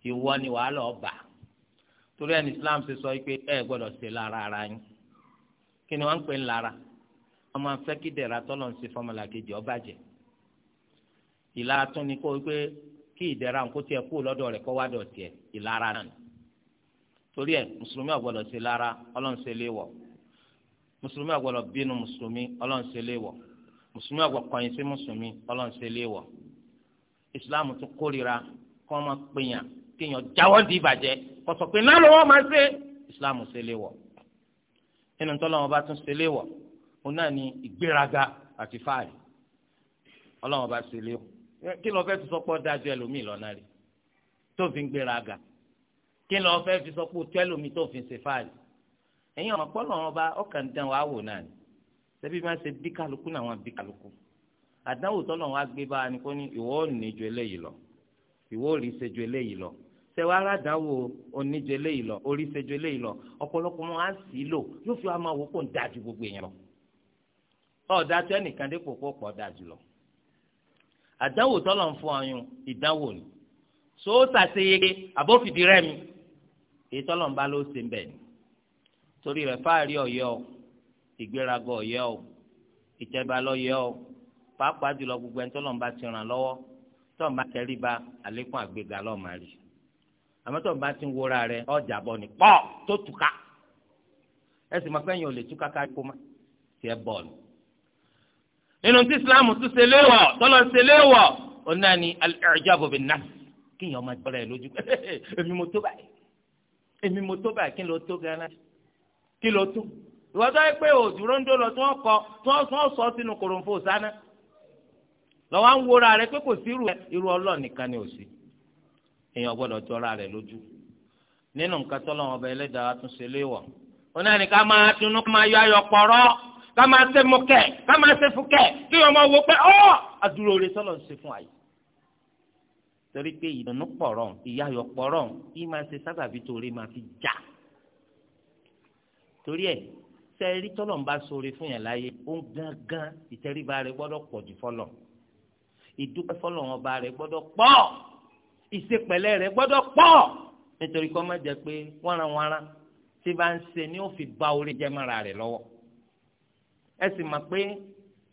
ìwọ ni wàá lọ torí ẹni Islam ṣe sọ pé ẹ gbọ́dọ̀ ṣe lára ara yín kí ni wọ́n ń pè ń lára wọ́n máa ń fẹ́ kí ìdẹ̀ra tọ́lọ̀ ń ṣe fọmọlá kejì ó bàjẹ́ ìlà tún ni kó pé kí ìdẹ̀ra nǹkó tiẹ̀ kú lọ́dọ̀ rẹ̀ kó wá tiẹ̀ ìlara náà torí ẹ mùsùlùmí ò ṣe lára ọlọ́run ṣe léwọ̀ọ́ mùsùlùmí àgbọ̀dọ̀ bínú mùsùlùmí ọlọ́run ṣe léèwọ̀ mùsùlùmí àgbọ̀dọ̀ kọ̀yìn sí mùsùlùmí ọlọ́run ṣe léèwọ̀ ìsìláàmù tún kórìíra kọ́ máa pèèyàn kéèyàn jáwọ́ di ìbàjẹ́ kó sọ pé náà lọ́wọ́ máa ṣe ìsìláàmù ṣe léèwọ̀ nínú tọ́lọ́wọ́n bá tún ṣe léèwọ̀ òun náà ni ìgbéraga àti fáàrí ọlọ́wọ́n bá ṣe léèwọ̀ kí lọ́ọ́ fẹ́ fi sọ́pọ̀ dájú ẹlòmíì lọ́nà rẹ̀ tó fi ń gbéraga kí lọ́ọ́ fẹ́ fi sọ́pọ̀ tó tó fi ń ṣe fáàrí ẹ̀yin ọmọ pọlọ ọba ọkàn dán wàá wò náà ni ṣebí máa ṣe bí kálukú náà wọn bí kálukú àdánwò tọlọ wa gbé bá ni kò ní ìwọ ò ní ju eléyìí lọ ìwọ ò rí ṣe ju eléyìí lọ sẹwàá aládàáwò oníjẹ eléyìí lọ orí ṣe ju eléyìí lọ ọ̀pọ̀lọpọ̀ wọn á sì lò yóò fi wá máa wò kó ń dájú gbogbo èèyàn lọ ọ̀dà tó ẹnìkan dépò kó pọ̀ dájú lọ àdánwò tọ́lọ̀ ń fún ọyún ìdánwò ni sóòtà ṣe yege àbófìdí rẹ́mi èyí ni torí rẹ̀ fáàrí ọ̀yẹ́ o ìgbéraga ọ̀yẹ́ o ìtẹ̀bà lọ́yẹ́ o pàápàá jùlọ gbogbo ẹni tọ́lọ́n bá ti ràn lọ́wọ́ tọ́lọ́n bá tẹrí ba àlékún àgbéga lọ́ọ̀mà rí àmọ́ tọ́lọ́n bá ti ń wọra rẹ̀ ọjà bọ̀ ní pọ́ tó túká ẹ sì máa fẹ́yìn ò lè túká ká kó má tiẹ̀ bọ́ọ̀lù. nínú tí ìsìláàmù tún ṣe léwọ̀ tọ́lọ́ ṣe léwọ̀ ó náà ní al-i'jabu bin-nafs kí ló tún ìwọ tó yẹ pé òdúró ń dólọ tí wọ́n kọ tí wọ́n sọ sínú kòròǹfò sáná lọ́wọ́ à ń wora rẹ pé kò sí irú ọlọ nìkan ni ò sí èèyàn gbọ́dọ̀ jọra rẹ lójú nínú nǹkan tọ́lọ́wọ́n ọba ẹlẹ́dàá tún ṣe léwọ̀ wọn náà ní ká máa dunnú ká máa yọ ayọ̀ pọ̀rọ́ ká máa ṣe mọ̀kẹ́ ká máa ṣe kí wọ́n máa wo pé ọ́ àdúró rẹ ń ṣe fún àyè torí pé ìdùnnú pọ̀rọ̀ ìyá ayọ̀ pọ̀rọ̀ yìí máa ṣe sábàbí torí máa fi já torí ẹ̀ sẹ́ẹ̀rí tọ́lọ̀ ń bá sóore fún yàn láyé ó ń gángan ìtẹríba rẹ̀ gbọ́dọ̀ pọ̀ jù fọlọ̀ ìdúpẹ́ fọlọ̀ wọn ba rẹ̀ gbọ́dọ̀ pọ̀ ìṣepẹ̀lẹ́ rẹ̀ gbọ́dọ̀ pọ̀ nítorí kọ́ má jẹ́ pé wánranwánra tí bá ń ṣe ni ó fi ba orí jẹ́ mọ́ra rẹ̀ lọ́wọ́ ẹ sì mọ̀ pé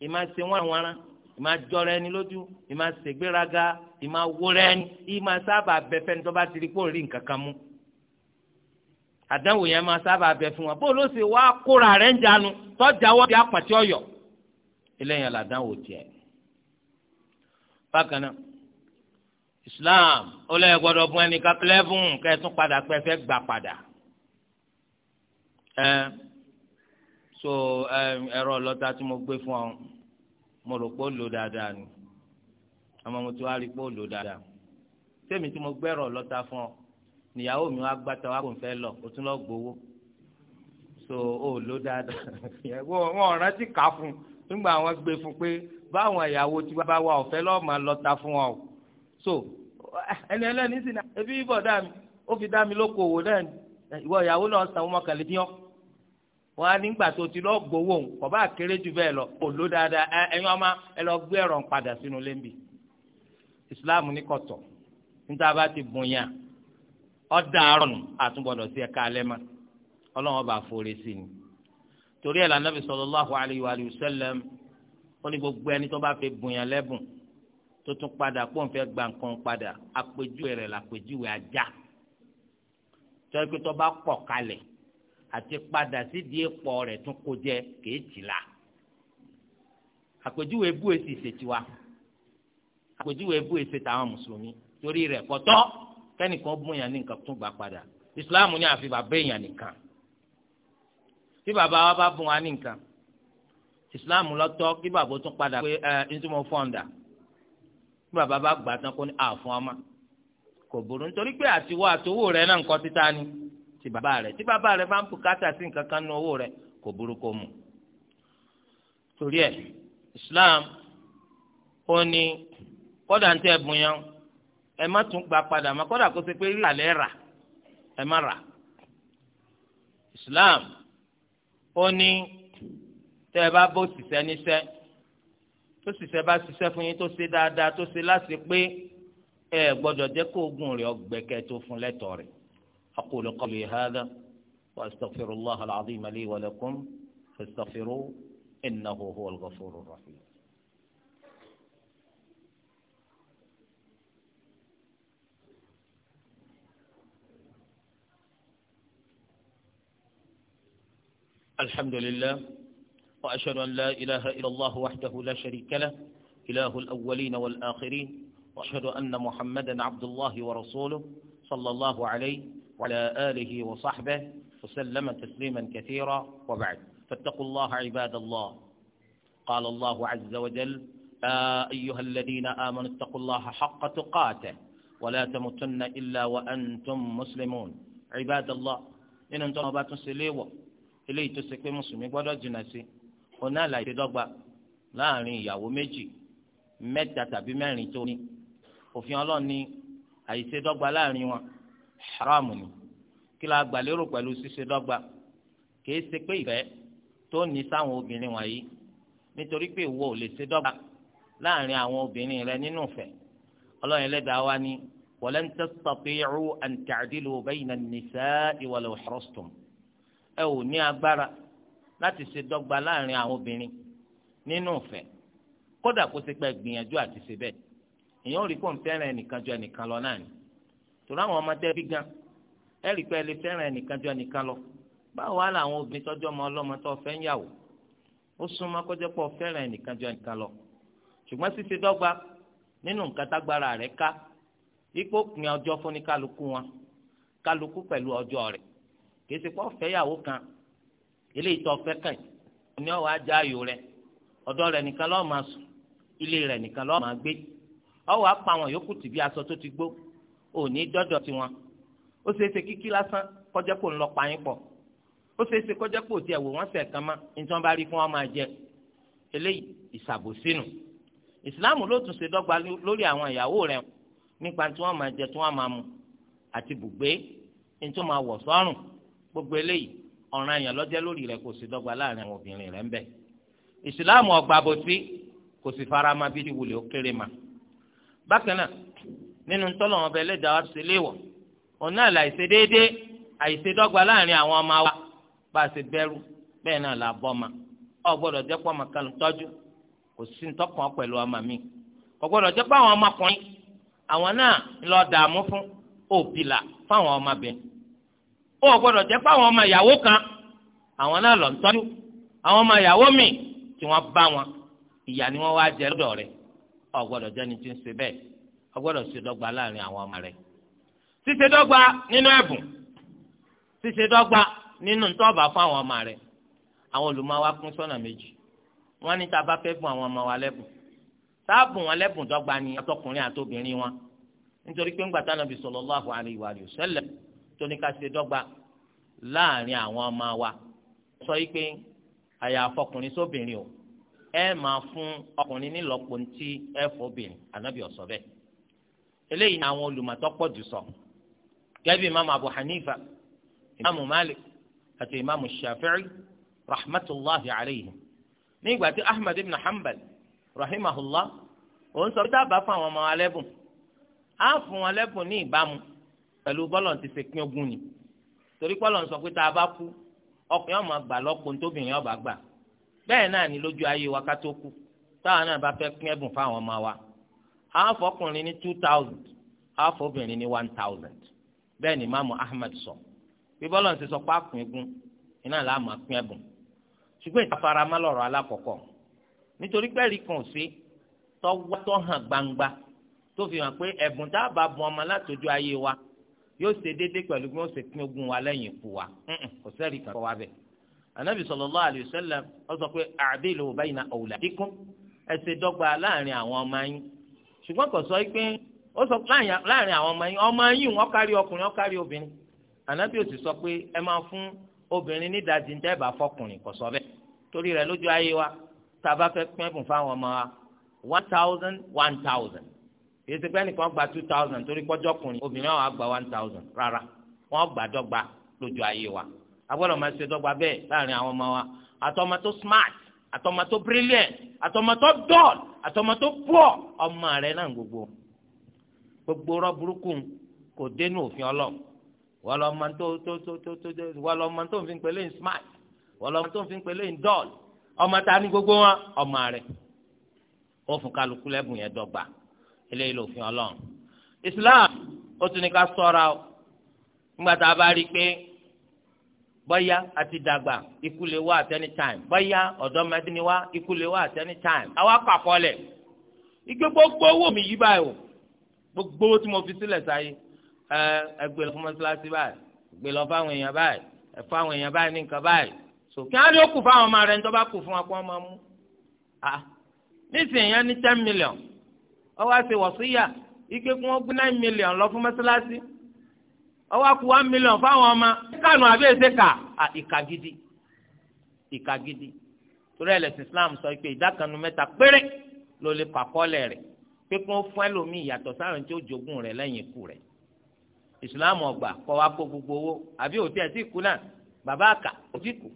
ìmá ṣe wánranwánra ìmá jọra ẹni lójú ìmá ṣègbéraga ìmá wúra ẹni ìmá sábà bẹ fẹ́ni tó bá ti rí kó rí nǹkan kan mú àdánwò yẹn máa sábà bẹ fún wọn bó ló sì wá kóra rẹ̀ ń jánu tọ́jà wọ́n bí apàtí ọ̀yọ́ eléyàn làdánwò tiẹ̀. bákan náà Islam ó lẹ́yìn gbọ́dọ̀ bún ẹni kákílẹ́bùn kẹ́tún padà pẹ́fẹ́ gbà padà. ẹ so ẹ̀rọ ọlọ́ta tí mo gbé fún ọ mo rò pé ó lò dáadáa ni àmọ́ mo ti wá rí pé ó lò dáadáa tèmi tí mo gbẹ́rọ ọlọ́ta fún ọ níyàwó mi wá gbàtà wá kò ń fẹ́ lọ o tún lọ gbowó so ó ló dáadáa wọn rántí kà fún nígbà wọn gbé fún pé báwọn ìyàwó tí bá wà ọ̀fẹ́ lọ́ọ́ máa lọ ta fún wọn o so ẹni ẹlẹ́ni sì náà ebi bọ̀dá mi ó fi dá mi lóko òwò náà ìwọ ìyàwó náà san wọn kàlẹ́ dín ọ́ wọn á nígbà tó ti lọ gbowó òun kò bá kéré jù bẹ́ẹ̀ lọ kò ló dáadáa ẹ̀yin ẹ ọ̀daràn àtúngbọ̀dọ̀ sí ẹ̀ka alẹ́ mọ́ ọlọ́run ọba àforí sí ni torí ẹ̀ lànàbì sallallahu alayhi wa sallam ó ní gbogbo ẹni tó bá fẹ́ bùnyàn lẹ́bùn tó tún padà kó n fẹ́ gba nǹkan padà àpèjúwe rẹ̀ làpèjúwe ajá tó yẹ pé tó bá pọ̀ kalẹ̀ àti padà sídìí pọ̀ rẹ̀ tún kó jẹ kéèjì la àpèjúwe bú èsì ìṣètiwa àpèjúwe bú èsì tàwọn mùsùlùmí torí rẹ̀ pọ̀tọ́ kẹ́nìkan bùn yàn ní nǹkan tún gbà padà ìsìláàmù ní àfi bàbá èèyàn nìkan tí bàbá wa bá bùn wa ní nǹkan ìsìláàmù lọ́tọ́ kí bàbá tún padà pé ẹ ntúmọ̀ fọ́ǹdà tí bàbá bá gbà tán kó ní àfọ́n ọmọ kò burú nítorí pé àtiwọ́ àtowó rẹ náà nǹkan títa ni ti bàbá rẹ tí bàbá rẹ bá ń bùkátà sí nǹkan kan nínú owó rẹ kò burú kó mu torí ẹ ìsìláàmù ó ní kódà ń tẹ́ bùn yẹn ẹ má tún gba padà má kọ́dà kó ṣe pé rírà lẹ́ rà ẹ má rà Islam ó ní tẹ́ ẹ bá bó ṣiṣẹ́ níṣẹ́ tó ṣiṣẹ́ bá ṣiṣẹ́ fún yín tó ṣe dáadáa tó ṣe láti pé ẹ gbọ́dọ̀ jẹ́ kó oògùn rẹ̀ ọgbẹ́kẹ́ tó fún lẹ́tọ̀ọ́ rẹ̀ aqulu qawli hadha wa astaghfirullaha al-azima wa lakum fastaghfiruhu innahu huwal ghafurur rahim. الحمد لله وأشهد أن لا إله إلا الله وحده لا شريك له إله الأولين والآخرين وأشهد أن محمدا عبد الله ورسوله صلى الله عليه وعلى آله وصحبه وسلم تسليما كثيرا وبعد فاتقوا الله عباد الله قال الله عز وجل أيها الذين آمنوا اتقوا الله حق تقاته ولا تموتن إلا وأنتم مسلمون عباد الله إن أنتم أباتم سليوة eléyìí tó ṣe pé mùsùlùmí gbọ́dọ̀ jìnnà sí òun náà láì ṣe dọ́gba láàrin ìyàwó méjì mẹ́ta tàbí mẹ́rin tó ní òfin ọlọ́run ní àìṣe dọ́gba láàrin wọn haramu ni kí la gbàlérò pẹ̀lú ṣíṣe dọ́gba kìí ṣe pé ìfẹ́ tó ní sáwọn obìnrin wọ̀nyí nítorí pé ìwọ ò lè ṣe dọ́gba láàrin àwọn obìnrin rẹ nínú ìfẹ́ ọlọ́run ẹlẹ́dàá wa ni walan tastati'u an ta'dilu bayna an-nisa'i walau harastum ẹ ò ní agbára láti ṣe dọ́gba láàrin àwọn obìnrin nínú ìfẹ́ kódà kó ṣe pé gbìyànjú àti ṣe bẹ́ẹ̀ èèyàn ò rí kó ń fẹ́ràn ẹnìkan ju ẹnìkan lọ náà ni tòun àwọn ọmọ tẹ́bí gan ẹ rí pé ẹ lè fẹ́ràn ẹnìkan ju ẹnìkan lọ báwo wá làwọn obìnrin tọ́jú ọmọ ọlọ́mọ tó fẹ́ ń yàwó ó súnmọ́ kó jẹ́ pé ọ fẹ́ràn ẹnìkan ju ẹnìkan lọ ṣùgbọ́n ṣíṣe dọ́gba nínú nǹkan tágbára rẹ̀ ká ipò pin ọjọ́ fún kálukú wọn kálukú pẹ̀lú ọjọ́ rẹ̀ kìí ṣe pọ́ fẹ́yàwó kan eléyìí tó fẹ́ kàn ní ọ̀wá ajá ayò rẹ ọ̀dọ́ rẹ nìkan lọ́ọ́ máa sùn ilé rẹ nìkan lọ́ọ́ máa gbé ọ̀wọ́ apá wọn yòókù tì bí aṣọ tó ti gbó òní dọ́dọ̀ tiwọn ó ṣeé ṣe kíkí lásán kọjá kó ń lọ pa yín pọ̀ ó ṣeé ṣe kọjá kó tiẹ̀ wò wọ́n sẹ̀ kan mọ́ ní tí wọ́n bá rí fún wọn máa jẹ eléyìí ìṣàbòsínù ìsìláàmù ló tún ṣe dọ́gba lórí àwọn ìyàwó rẹ nípa tí wọ́n máa jẹ tí wọ́n máa mu àti bùgbé ní tí wọ́n máa wọ̀ sọ́rùn gbogbo eléyìí ọ̀ràn èèyàn lọ́jẹ́ lórí rẹ̀ kò sí dọ́gba láàrin àwọn obìnrin rẹ̀ ń bẹ̀. ìsìláàmù ọgbà bòtí kò sì fara ma bí wulẹ̀ ó kéré ma. bákan náà nínú tọ́lọ̀ wọn bẹ lẹ́dàá wá sí léwọ̀ òun náà là ìṣe déédéé àìṣe dọ́gba láàrin àwọn ọmọ wa bá a ṣe bẹ́rù bẹ́ẹ̀ náà là bọ́ ma ọ gbọ́dọ̀ jẹ́ pọ́ màkà tọ́jú kò sí ntọ́kàn pẹ̀lú ọmọ mi ọ gbọ́dọ̀ jẹ́ pọ́ àwọn ọmọkùnrin àwọn náà lọ dààmú fún òbí ó gbọ́dọ̀ jẹ́ pé àwọn ọmọ ìyàwó kan àwọn náà lọ ń tọ́jú àwọn ọmọ ìyàwó míì tí wọ́n bá wọn ìyà ni wọ́n wá jẹ lọ́dọ̀ rẹ̀ ó gbọ́dọ̀ jẹ́ni tí ń ṣe bẹ́ẹ̀ ó gbọ́dọ̀ ṣe dọ́gba láàrin àwọn ọmọ rẹ̀ ṣíṣe dọ́gba nínú ẹ̀bùn ṣíṣe dọ́gba nínú ntọ́ba fún àwọn ọmọ rẹ̀ àwọn olùmọ̀ wa pín sọ́nà méjì wọ́n ní tá a bá fẹ́ bùn àwọn ọmọ wa lẹ́bùn sáàbùn wọn lẹ́bùn dọ́gba ni àtọkùnrin àtobìnrin wọn nítorí pé ńgbà tánàbì sallallahu alaihi wa sallam tó ní ká ṣe dọ́gba láàrin àwọn ọmọ wa sọ yìí pé àyà àfọkùnrin sóbìnrin o ẹ máa fún ọkùnrin nílọ́po ntí ẹ fọbìnrin ànábì ọ̀sọ́ bẹ́ẹ̀ eléyìí ni àwọn olùmọ̀tọ́pọ̀ jù sọ gẹ́gẹ́ bí abu hanifa imaamu malik àti imaamu shafi'i rahmatulahi alayhi ní ìgbà tí ahmed ibn hanbal rahimahullah òun sọ pé dábàá fún àwọn ọmọ alẹ́bùn á fún wọn lẹ́bùn ní ìbámu pẹ̀lú bọ́lọ̀ ti ṣe pín ogún ni torí pọ́lọ̀ ń sọ pé tá a bá kú ọkùnrin ọmọ gbà lọ́kùn tóbìnrin ọba gbà bẹ́ẹ̀ náà ni lójú ayé wa ká tó kú táwọn náà bá fẹ́ pín ẹ̀bùn fáwọn ọmọ wa àwọn afọkùnrin ní two thousand àwọn afọbìnrin ní one thousand bẹ́ẹ̀ ni Imaamu Ahmed sọ bí bọ́lọ̀ ń ṣe sọ pé àpín ogún iná làá máa pín ẹ̀bùn ṣùgbọ́n ìtafaramá lọ̀rọ̀ alákọ̀ọ́kọ́ nítorí pẹ́ẹ́rì kan ò sí tọ́wọ́ tó gbangba tó fi hàn pé ẹ̀bùn tá a bá bùn ọmọ látọjú ayé wa yóò ṣe déédéé pẹ̀lú bí wọ́n ṣe pín ogun wa lẹ́yìn ikú wa kò sẹ́rìí kan wá bẹ̀. anabi sallallahu alayhi wa sallam ó sọ pé a'dilu bayna awladikum ẹ ṣe dọ́gba láàrin àwọn ọmọ yín ṣùgbọ́n kò sọ pé ó sọ láàrin àwọn ọmọ yín ọmọ yín wọ́n kárí ọkùnrin wọ́n kárí obìnrin anabi ò sì sọ pé ẹ máa fún obìnrin ní ìdajì ń tẹ́ẹ̀bà fọkùnrin kò sọ bẹ́ẹ̀ torí rẹ̀ lójú ayé wa tá a bá fẹ́ pín ẹ̀bùn fáwọn ọmọ wa one thousand one thousand èyí ti pẹ́ nìkan gba two thousand torí pọ́jọ́ kùnrin obìnrin àwọn àgbà one thousand rárá wọ́n gbà dọ́gba lójú ayé wa a gbọ́dọ̀ máa ṣe dọ́gba bẹ́ẹ̀ láàrin àwọn ọmọ wa àtọmọ tó smart àtọmọ tó brilliant àtọmọ tó dull àtọmọ tó poor ọmọ rẹ náà gbogbo gbogbo rọ burúkú kò dénú òfin ọlọ́run wọ́n lọ ọmọ tó tó tó tó tó wọ́n lọ ọmọ tó ń fi ń pèlè smart wọ́n lọ ọmọ tó ń fi ń pèlè dull ọmọ ta ni gbogbo wọn ọmọ rẹ ó fún lẹ́bùn yẹn dọ́gba eléyìí lòfin Ọlọ́run Islam ó tún ní ká ṣọ́ra o nígbà tá a bá rí i pé bọ́yá àti dàgbà ikú lè wá at any time bọ́yá ọ̀dọ́mọdé ni wá ikú lè wá at any time àwa kàkọ́ lẹ̀ ike gbogbo owó mi yí báyìí o gbogbo owó tí mo fi sílẹ̀ sáyé ẹ ẹ gbé lọ fún mọ́sálásí báyìí gbé lọ fáwọn èèyàn báyìí ẹ fáwọn èèyàn báyìí ní nǹkan báyìí so kí á ní ó kù fáwọn ọmọ rẹ ní tó bá kù fún wa kó wọn máa mú ah nísìnyí yẹn ní ten million ọwọ́ àti wọ̀síyà ike kí wọ́n gbé nine million lọ fún mọ́sálásí ọwọ́ àkú one million fáwọn ọmọ kánú àbí èsè kà á ìkà gidi ìkà gidi torí ẹlẹ́sìn Islam sọ pé ìdákanu mẹ́ta péré ló lè pàkọ́lẹ̀ rẹ̀ pé kí wọ́n fún ẹlòmíì yàtọ̀ sáwọn tí ó jogún rẹ̀ lẹ́yìn ikú rẹ̀ Islam ọgbà kọ́ wa kó gbogbo owó àbí òtí ẹ̀ tí ì náà bàbá àkà òtí kù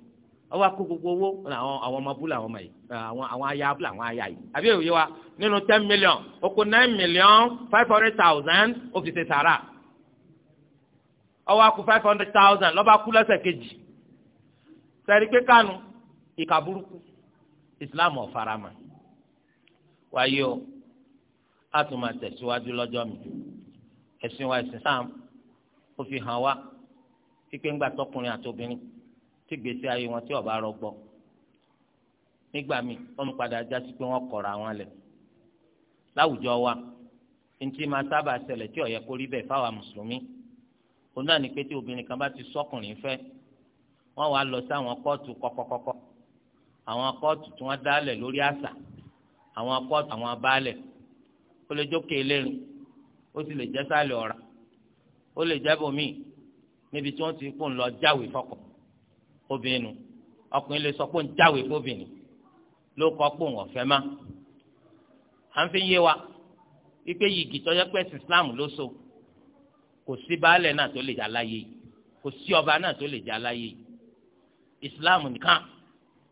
ọwọ́ akó gbogbo owó àwọn àwọn ọmọ abúlé àwọn ọmọ yìí àwọn àwọn aya abúlé àwọn aya yìí àbí òye wa nínú ten million ó nine million five hundred thousand ó fi ṣe sàrà ọwọ́ akó five hundred thousand lọ́ba kú lọ́sẹ̀ kejì sẹ́rí pé kánú ìkà burúkú islam ọ̀farama wáyé o a tún máa tẹ̀síwájú lọ́jọ́ mi ẹ̀sìn wa ẹ̀sìn sáà ó fi hàn wá pípé ńgbà tọkùnrin àti obìnrin tí gbèsè ayé wọn tí ọba rọgbọ nígbà míì wọn padà jásí pé wọn kọra wọn lẹ láwùjọ wa ntí máa sábà ṣẹlẹ̀ tí ó yẹ kó rí bẹ́ẹ̀ fáwa mùsùlùmí òun náà ní pé tí obìnrin kan bá ti sọkùnrin fẹ́ wọ́n wàá lọ sí àwọn kóòtù kọ́kọ́kọ́kọ́ àwọn kóòtù tí wọ́n dálẹ̀ lórí àṣà àwọn kóòtù àwọn abálẹ̀ ó lè jókè eléyìn ó sì lè jẹ́ sálẹ̀ ọ̀ra ó lè jẹ́ bòmíì níbi tí wọ́n ti kún lọ jáwèé fọkàn obìnrin ọkùnrin lè sọ pé ń jáwé fóbìnrin ló kọ́ pò wọ́n fẹ́ fi yé wa wípé yìgì tọ́jọ́ pé ẹ̀sìn Islam ló so kò sí baálẹ̀ náà tó lè jẹ́ kò sí ọba náà tó lè Islam nìkan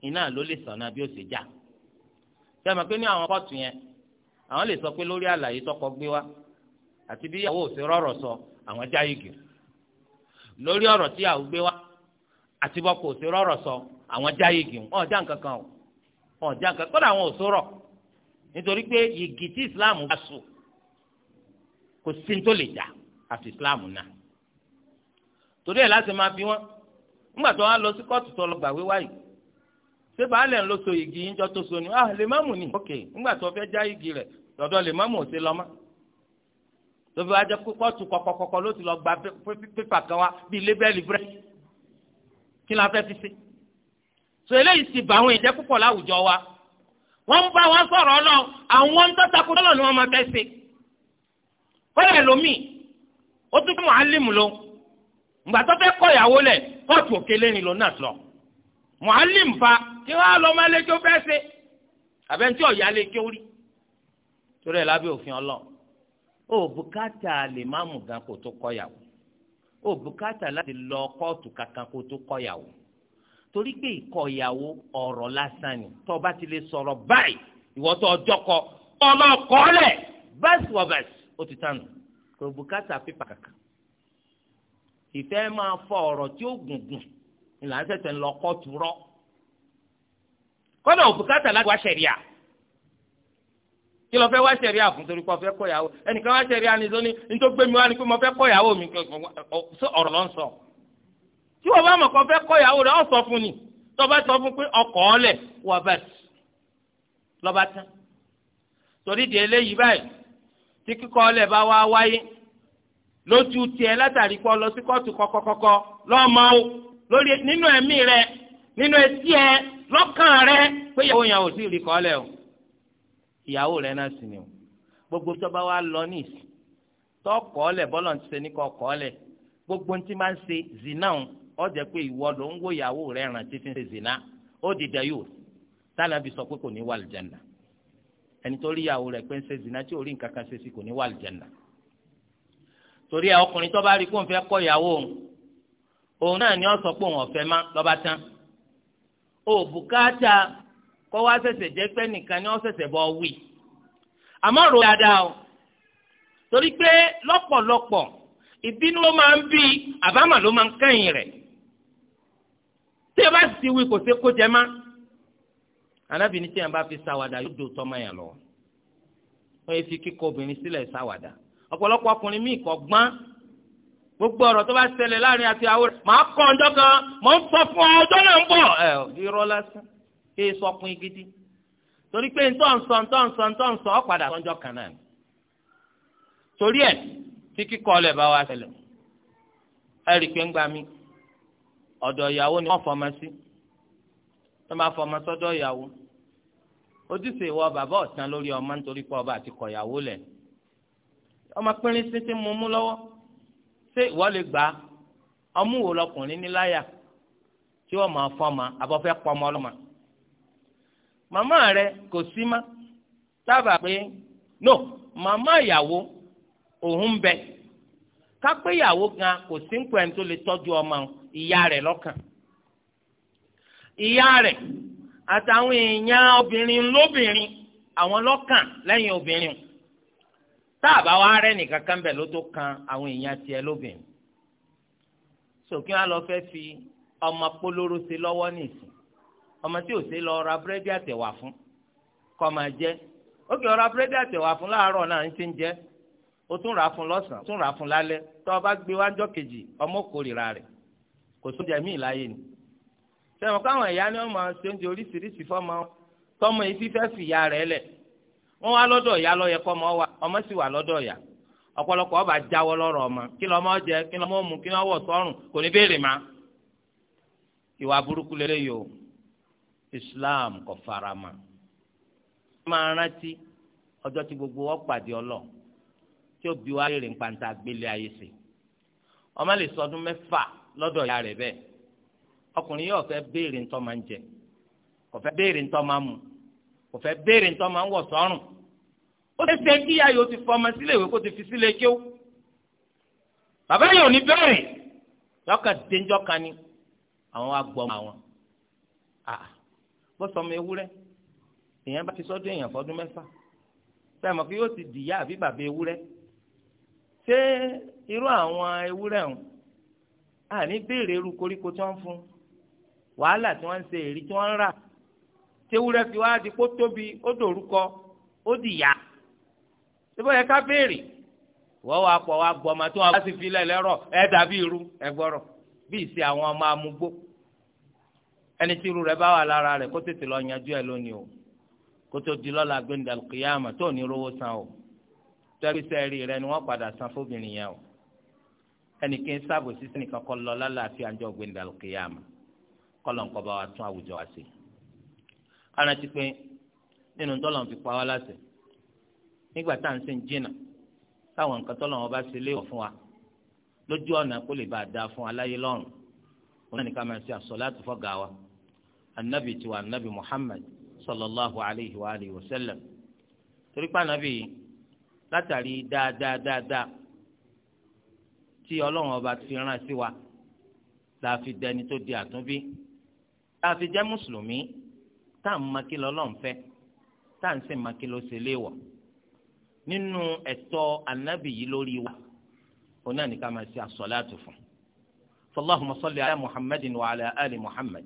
iná ló lè sọ̀nà bí ó ṣe sẹ́mi pé ní àwọn yẹn àwọn lè sọ tọkọ gbé àti bí rọrọ sọ àwọn já yìgì lórí ọ̀rọ̀ tí àwọn gbé àti bọ́ kò sí rọ́rọ̀ sọ àwọn já yìgì wọn ọ̀já nǹkan kan o wọn ọ̀já nǹkan kọ́dà àwọn ò sọ̀rọ̀ nítorí pé yìgì tí islam bá sùn kò sí tó lè jà àti islam náà torí ẹ̀ láti máa bí wọn nígbà tó wá lọ sí kóòtù tó lọ gbà wíwá yìí ṣé baálẹ̀ ń lọ so yìgì yín jọ tó so ni ah lè má mú ni ok nígbà tó fẹ́ já yìgì rẹ̀ lọ́dọ̀ lè má mú òsè lọ́mọ́ tó fi wá jẹ́ kóòtù kọ̀kọ̀kọ̀kọ̀ ló ti lọ gba pépà kan wá bíi lébẹ́lì búrẹ́dì kí la fẹ́ fi ṣe so eléyìí sì bá àwọn ìjẹ́ púpọ̀ láwùjọ wa wọ́n ń bá wọn sọ̀rọ̀ lọ àwọn ń tọ́ta kó lọ́nà ni wọ́n máa fẹ́ ṣe kọ́lẹ̀ lómi ó tún fún muhalimu ló ngbà tó fẹ́ kọ́ ìyàwó lẹ̀ kóòtù òkèlè ni ló náà lọ muhalimu fa kí wọ́n á lọ máa léjó fẹ́ ṣe àbẹ̀ntí ọ̀yà lè kí ó rí torí ẹ̀ lábẹ́ òfin ọlọ́ ó bùkátà láti lọ kóòtù kankan kó tó kọyàwó torí pé ìkọyàwó ọ̀rọ̀ lásán ni tó bá ti lè sọ̀rọ̀ báyìí ìwọ tó ọjọ́ kọ ọmọ kọ́lẹ̀ bẹ́ẹ̀sì wọ bẹ́ẹ̀sì ó ti tánu kò bùkátà pépà kankan ìfẹ́ máa fọ ọ̀rọ̀ tí ó gùngùn ìlànà tẹ̀sẹ̀ lọ kóòtù rọ kọ́nà òbúkátà láti wá ṣẹ̀ríà kí lọ fẹ́ wá sẹ̀rí àfún torí kọ́ fẹ́ kọ́ ìyàwó ẹnìkan wá sẹ̀rí àní sóní nítorí gbé mi wá ni pé mo fẹ́ kọ́ ìyàwó mi sọ ọ̀rọ̀ ló ń sọ. tí wọ́n bá mọ̀ kọ́ fẹ́ kọ́ ìyàwó rẹ̀ ọ̀ sọ fún ni tó bá sọ fún pé ọkọ̀ ọ̀lẹ̀ wọ́n bẹ̀ lọ́ba tán. torí di eléyìí báyìí tí kíkọ́ ọ̀lẹ̀ bá wá wáyé lójú tiẹ̀ látàrí kọ́ lọ sí kóòtù kọ́kọ́kọ́kọ́ lọ́mọ nínú ẹ̀mí rẹ nínú etí ẹ lọ́kàn rẹ pé ìyàwó yẹn ò sí ìrìkọ́ ìyàwó rẹ náà sì ni o gbogbo tó bá wà lọ ní ìsìn tó kọ́ lẹ̀ bọ́lọ̀ ti ṣe ní kọ́ kọ́ lẹ̀ gbogbo tí máa ń ṣe zina o ọ jẹ́ pé ìwọ ló ń wo ìyàwó rẹ ràn títí ṣe zina ó di dayo tánàbí sọ pé kò ní wà enitori ẹni tó rí ìyàwó rẹ pé ń ṣe zina tí ò nǹkan kan ṣe sí kò ní wà lìjànà torí ẹ ọkùnrin tó bá rí kó n fẹ́ kọ ìyàwó òun náà ni ọ sọ pé òun má tán kọ́ wá ṣẹ̀ṣẹ̀ jẹ́ pé nìkan ni wọ́n ṣẹ̀ṣẹ̀ bọ́ wí àmọ́ rò dáadáa o torí pé lọ́pọ̀lọpọ̀ ìbínú ló máa ń bí àbámà ló máa ń kẹ́yìn rẹ̀ tí ẹ bá sì ti wí kò sí kó jẹ má anábìíní tí yẹn bá fi ṣàwàdà yóò do tọ́mọ yẹn lọ wọ́n yẹ fi kíkọ obìnrin sílẹ̀ ṣàwàdà ọ̀pọ̀lọpọ̀ ọkùnrin míì kọ́ gbọ́n gbogbo ọ̀rọ̀ tó bá ṣẹlẹ̀ láàrin àti àwọn rẹ̀ màá kọ́ kan mò ń sọ fún ọ náà ń bọ̀ ẹ̀ irọ́ lásán kí e sọkùn gidi torí pé ntọ́nsọ ntọ́nsọ ntọ́nsọ ọ̀padà sọ́njọ́ kan náà torí ẹ̀ tí kíkọ́ ọlẹ̀ bá wa ṣẹlẹ̀ ẹ̀rì pé ń gbà mí ìyàwó ni wọ́n fọmọ sí wọ́n máa fọmọ sọ́dọ̀ ìyàwó ojúṣe ìwọ bàbá ọ̀tán lórí ọmọ nítorí pé ọba àti kọ̀yàwó lẹ̀ ọmọ pínrín sí ti mú mú lọ́wọ́ ṣé ìwọ lè gbà ọmú wo lọkùnrin níláyà tí wọ́n máa fọmọ àbọ̀fẹ́ pọmọ ọlọ́mọ màmá rẹ kò sí má sábà pé no màmá ìyàwó òun ń bẹ kápẹ́yàwó gan kò sí ń pẹ́ ní tó lè tọ́jú ọmọ ìyá rẹ̀ lọ́kàn ìyá rẹ̀ àtàwọn èèyàn obìnrin lóbìnrin àwọn lọ́kàn lẹ́yìn obìnrin táàbà wa rẹ̀ nìkan kan bẹ̀ ló tó kan àwọn èèyàn tiẹ̀ lóbìnrin sòkè wọn lọ fẹ́ fi ọmọ polówó sí lọ́wọ́ nìsín ọmọ tí ò sí lọ ra búrẹ́dì àtẹ̀wà fún kọ́ máa jẹ́ ó kì í fún láàárọ̀ náà ń ń jẹ́ ó tún rà fún lọ́sàn-án tún rà fún lálẹ́ tó ọ bá gbé wájọ́ kejì ọmọ kórìíra rẹ̀ kò jẹ́ míì láyé ni sẹ́wọ̀n káwọn ni wọ́n máa ṣe oúnjẹ oríṣiríṣi fọ́mọ rẹ̀ lẹ̀ wọ́n lọ́dọ̀ ìyá kọ́mọ islam kò fara mọ́ máa rántí ọjọ́ tí gbogbo wa pàdé Ọlọ́run tí ó bi wá léèrè ń pàǹtà gbélé ayé sí ọmọ lè sọdún mẹ́fà lọ́dọ̀ ìyá rẹ̀ bẹ́ẹ̀ ọkùnrin yóò fẹ́ béèrè ńtọ́ máa ń jẹ kò fẹ́ béèrè ńtọ́ máa ń mu kò fẹ́ béèrè ńtọ́ máa ń wọ̀ sọ́rùn ó ṣe ṣe kí ayò ti fọmọ sílé ìwé kó ti fi sílé kí ó bàbá yóò ní bẹ́ẹ̀rẹ̀ yọkàn déńjọ́ kan ni àwọn wa gbọ́ ọmọ àwọn ah, bọ́sọ̀mọ ewúrẹ́ èèyàn bá ti sọ́dún èèyàn fọdún mẹ́fà bẹ́ẹ̀ mọ̀ kí yóò ti dìyà àbí bàbá ewúrẹ́ ṣé irú àwọn ewúrẹ́ ọ̀hún àní béèrè irú koríko tí wọ́n ń fún wàhálà tí wọ́n ń ṣe èrí tí wọ́n ń rà tewúrẹ́ fi wá di kó tóbi ó dòrúkọ ó dìyà síbẹ̀ yẹ ká béèrè wọ́n wá pọ̀ wá gbọ́mọ tí wọ́n bá sì fi lẹ̀ lẹ́rọ̀ ẹ̀ dàbí irú ẹ̀ gbọ́rọ̀ bí ìṣe àwọn ọmọ amúgbó ẹni tí irú rẹ̀ bá wà lára rẹ̀ kó tètè lọ yanjú ẹ lónìí o kó tó di lọ́la gbẹ̀ndà kìyàmà tó ní rówó san o tẹ́lifí sẹ́ẹ̀rì rẹ̀ ni wọ́n padà san fóbìnrin yẹn o ẹnì kí n sáàbò sísè nìkan kọ́ lọ lálàáfíà ń jọ gbẹ̀ndà kìyàmà kọ́lọ̀ nǹkan bá wa tún àwùjọ wa sí. ara ti pé nínú tọ́lọ̀ fi pa wá láṣẹ nígbà tá à ń sìn jìnnà táwọn nǹkan tọ́lọ̀ wọn bá ṣe léwọ̀ fún wa lójú ọ̀nà kó lè bá a dáa fún aláyé lọ́rùn òun náà ní ká máa ṣe àsọ̀látù fọ́gà wa anabi tiwa anabi muhammad sallallahu alayhi wa alayhi wa sallam torí pé anabi látàrí dáadáa dáadáa tí ọlọ́run ọba ti rán sí wa la fi dẹni tó di àtúnbí la fi jẹ́ mùsùlùmí tá à ń makí lọ́lọ́run fẹ́ tá à ń sìn makí ló ṣe léèwọ̀ nínú ẹ̀tọ́ anabi yìí lórí wa òun náà ní ká máa ṣe àsọ̀láàtù fún. فاللهم صل على محمد وعلى آل محمد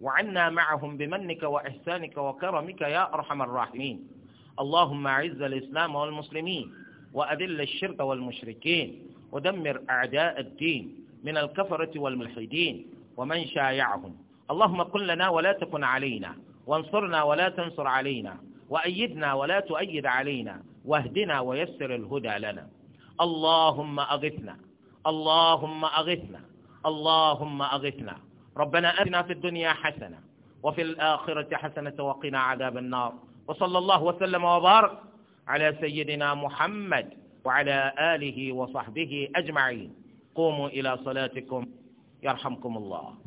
وعنا معهم بمنك وإحسانك وكرمك يا أرحم الراحمين اللهم أعز الإسلام والمسلمين وأذل الشرك والمشركين ودمر أعداء الدين من الكفرة والملحدين ومن شايعهم اللهم قل لنا ولا تكن علينا وانصرنا ولا تنصر علينا وأيدنا ولا تؤيد علينا واهدنا ويسر الهدى لنا اللهم أغثنا اللهم أغثنا اللهم أغثنا ربنا أتنا في الدنيا حسنة وفي الآخرة حسنة وقنا عذاب النار وصلى الله وسلم وبارك على سيدنا محمد وعلى آله وصحبه أجمعين قوموا إلى صلاتكم يرحمكم الله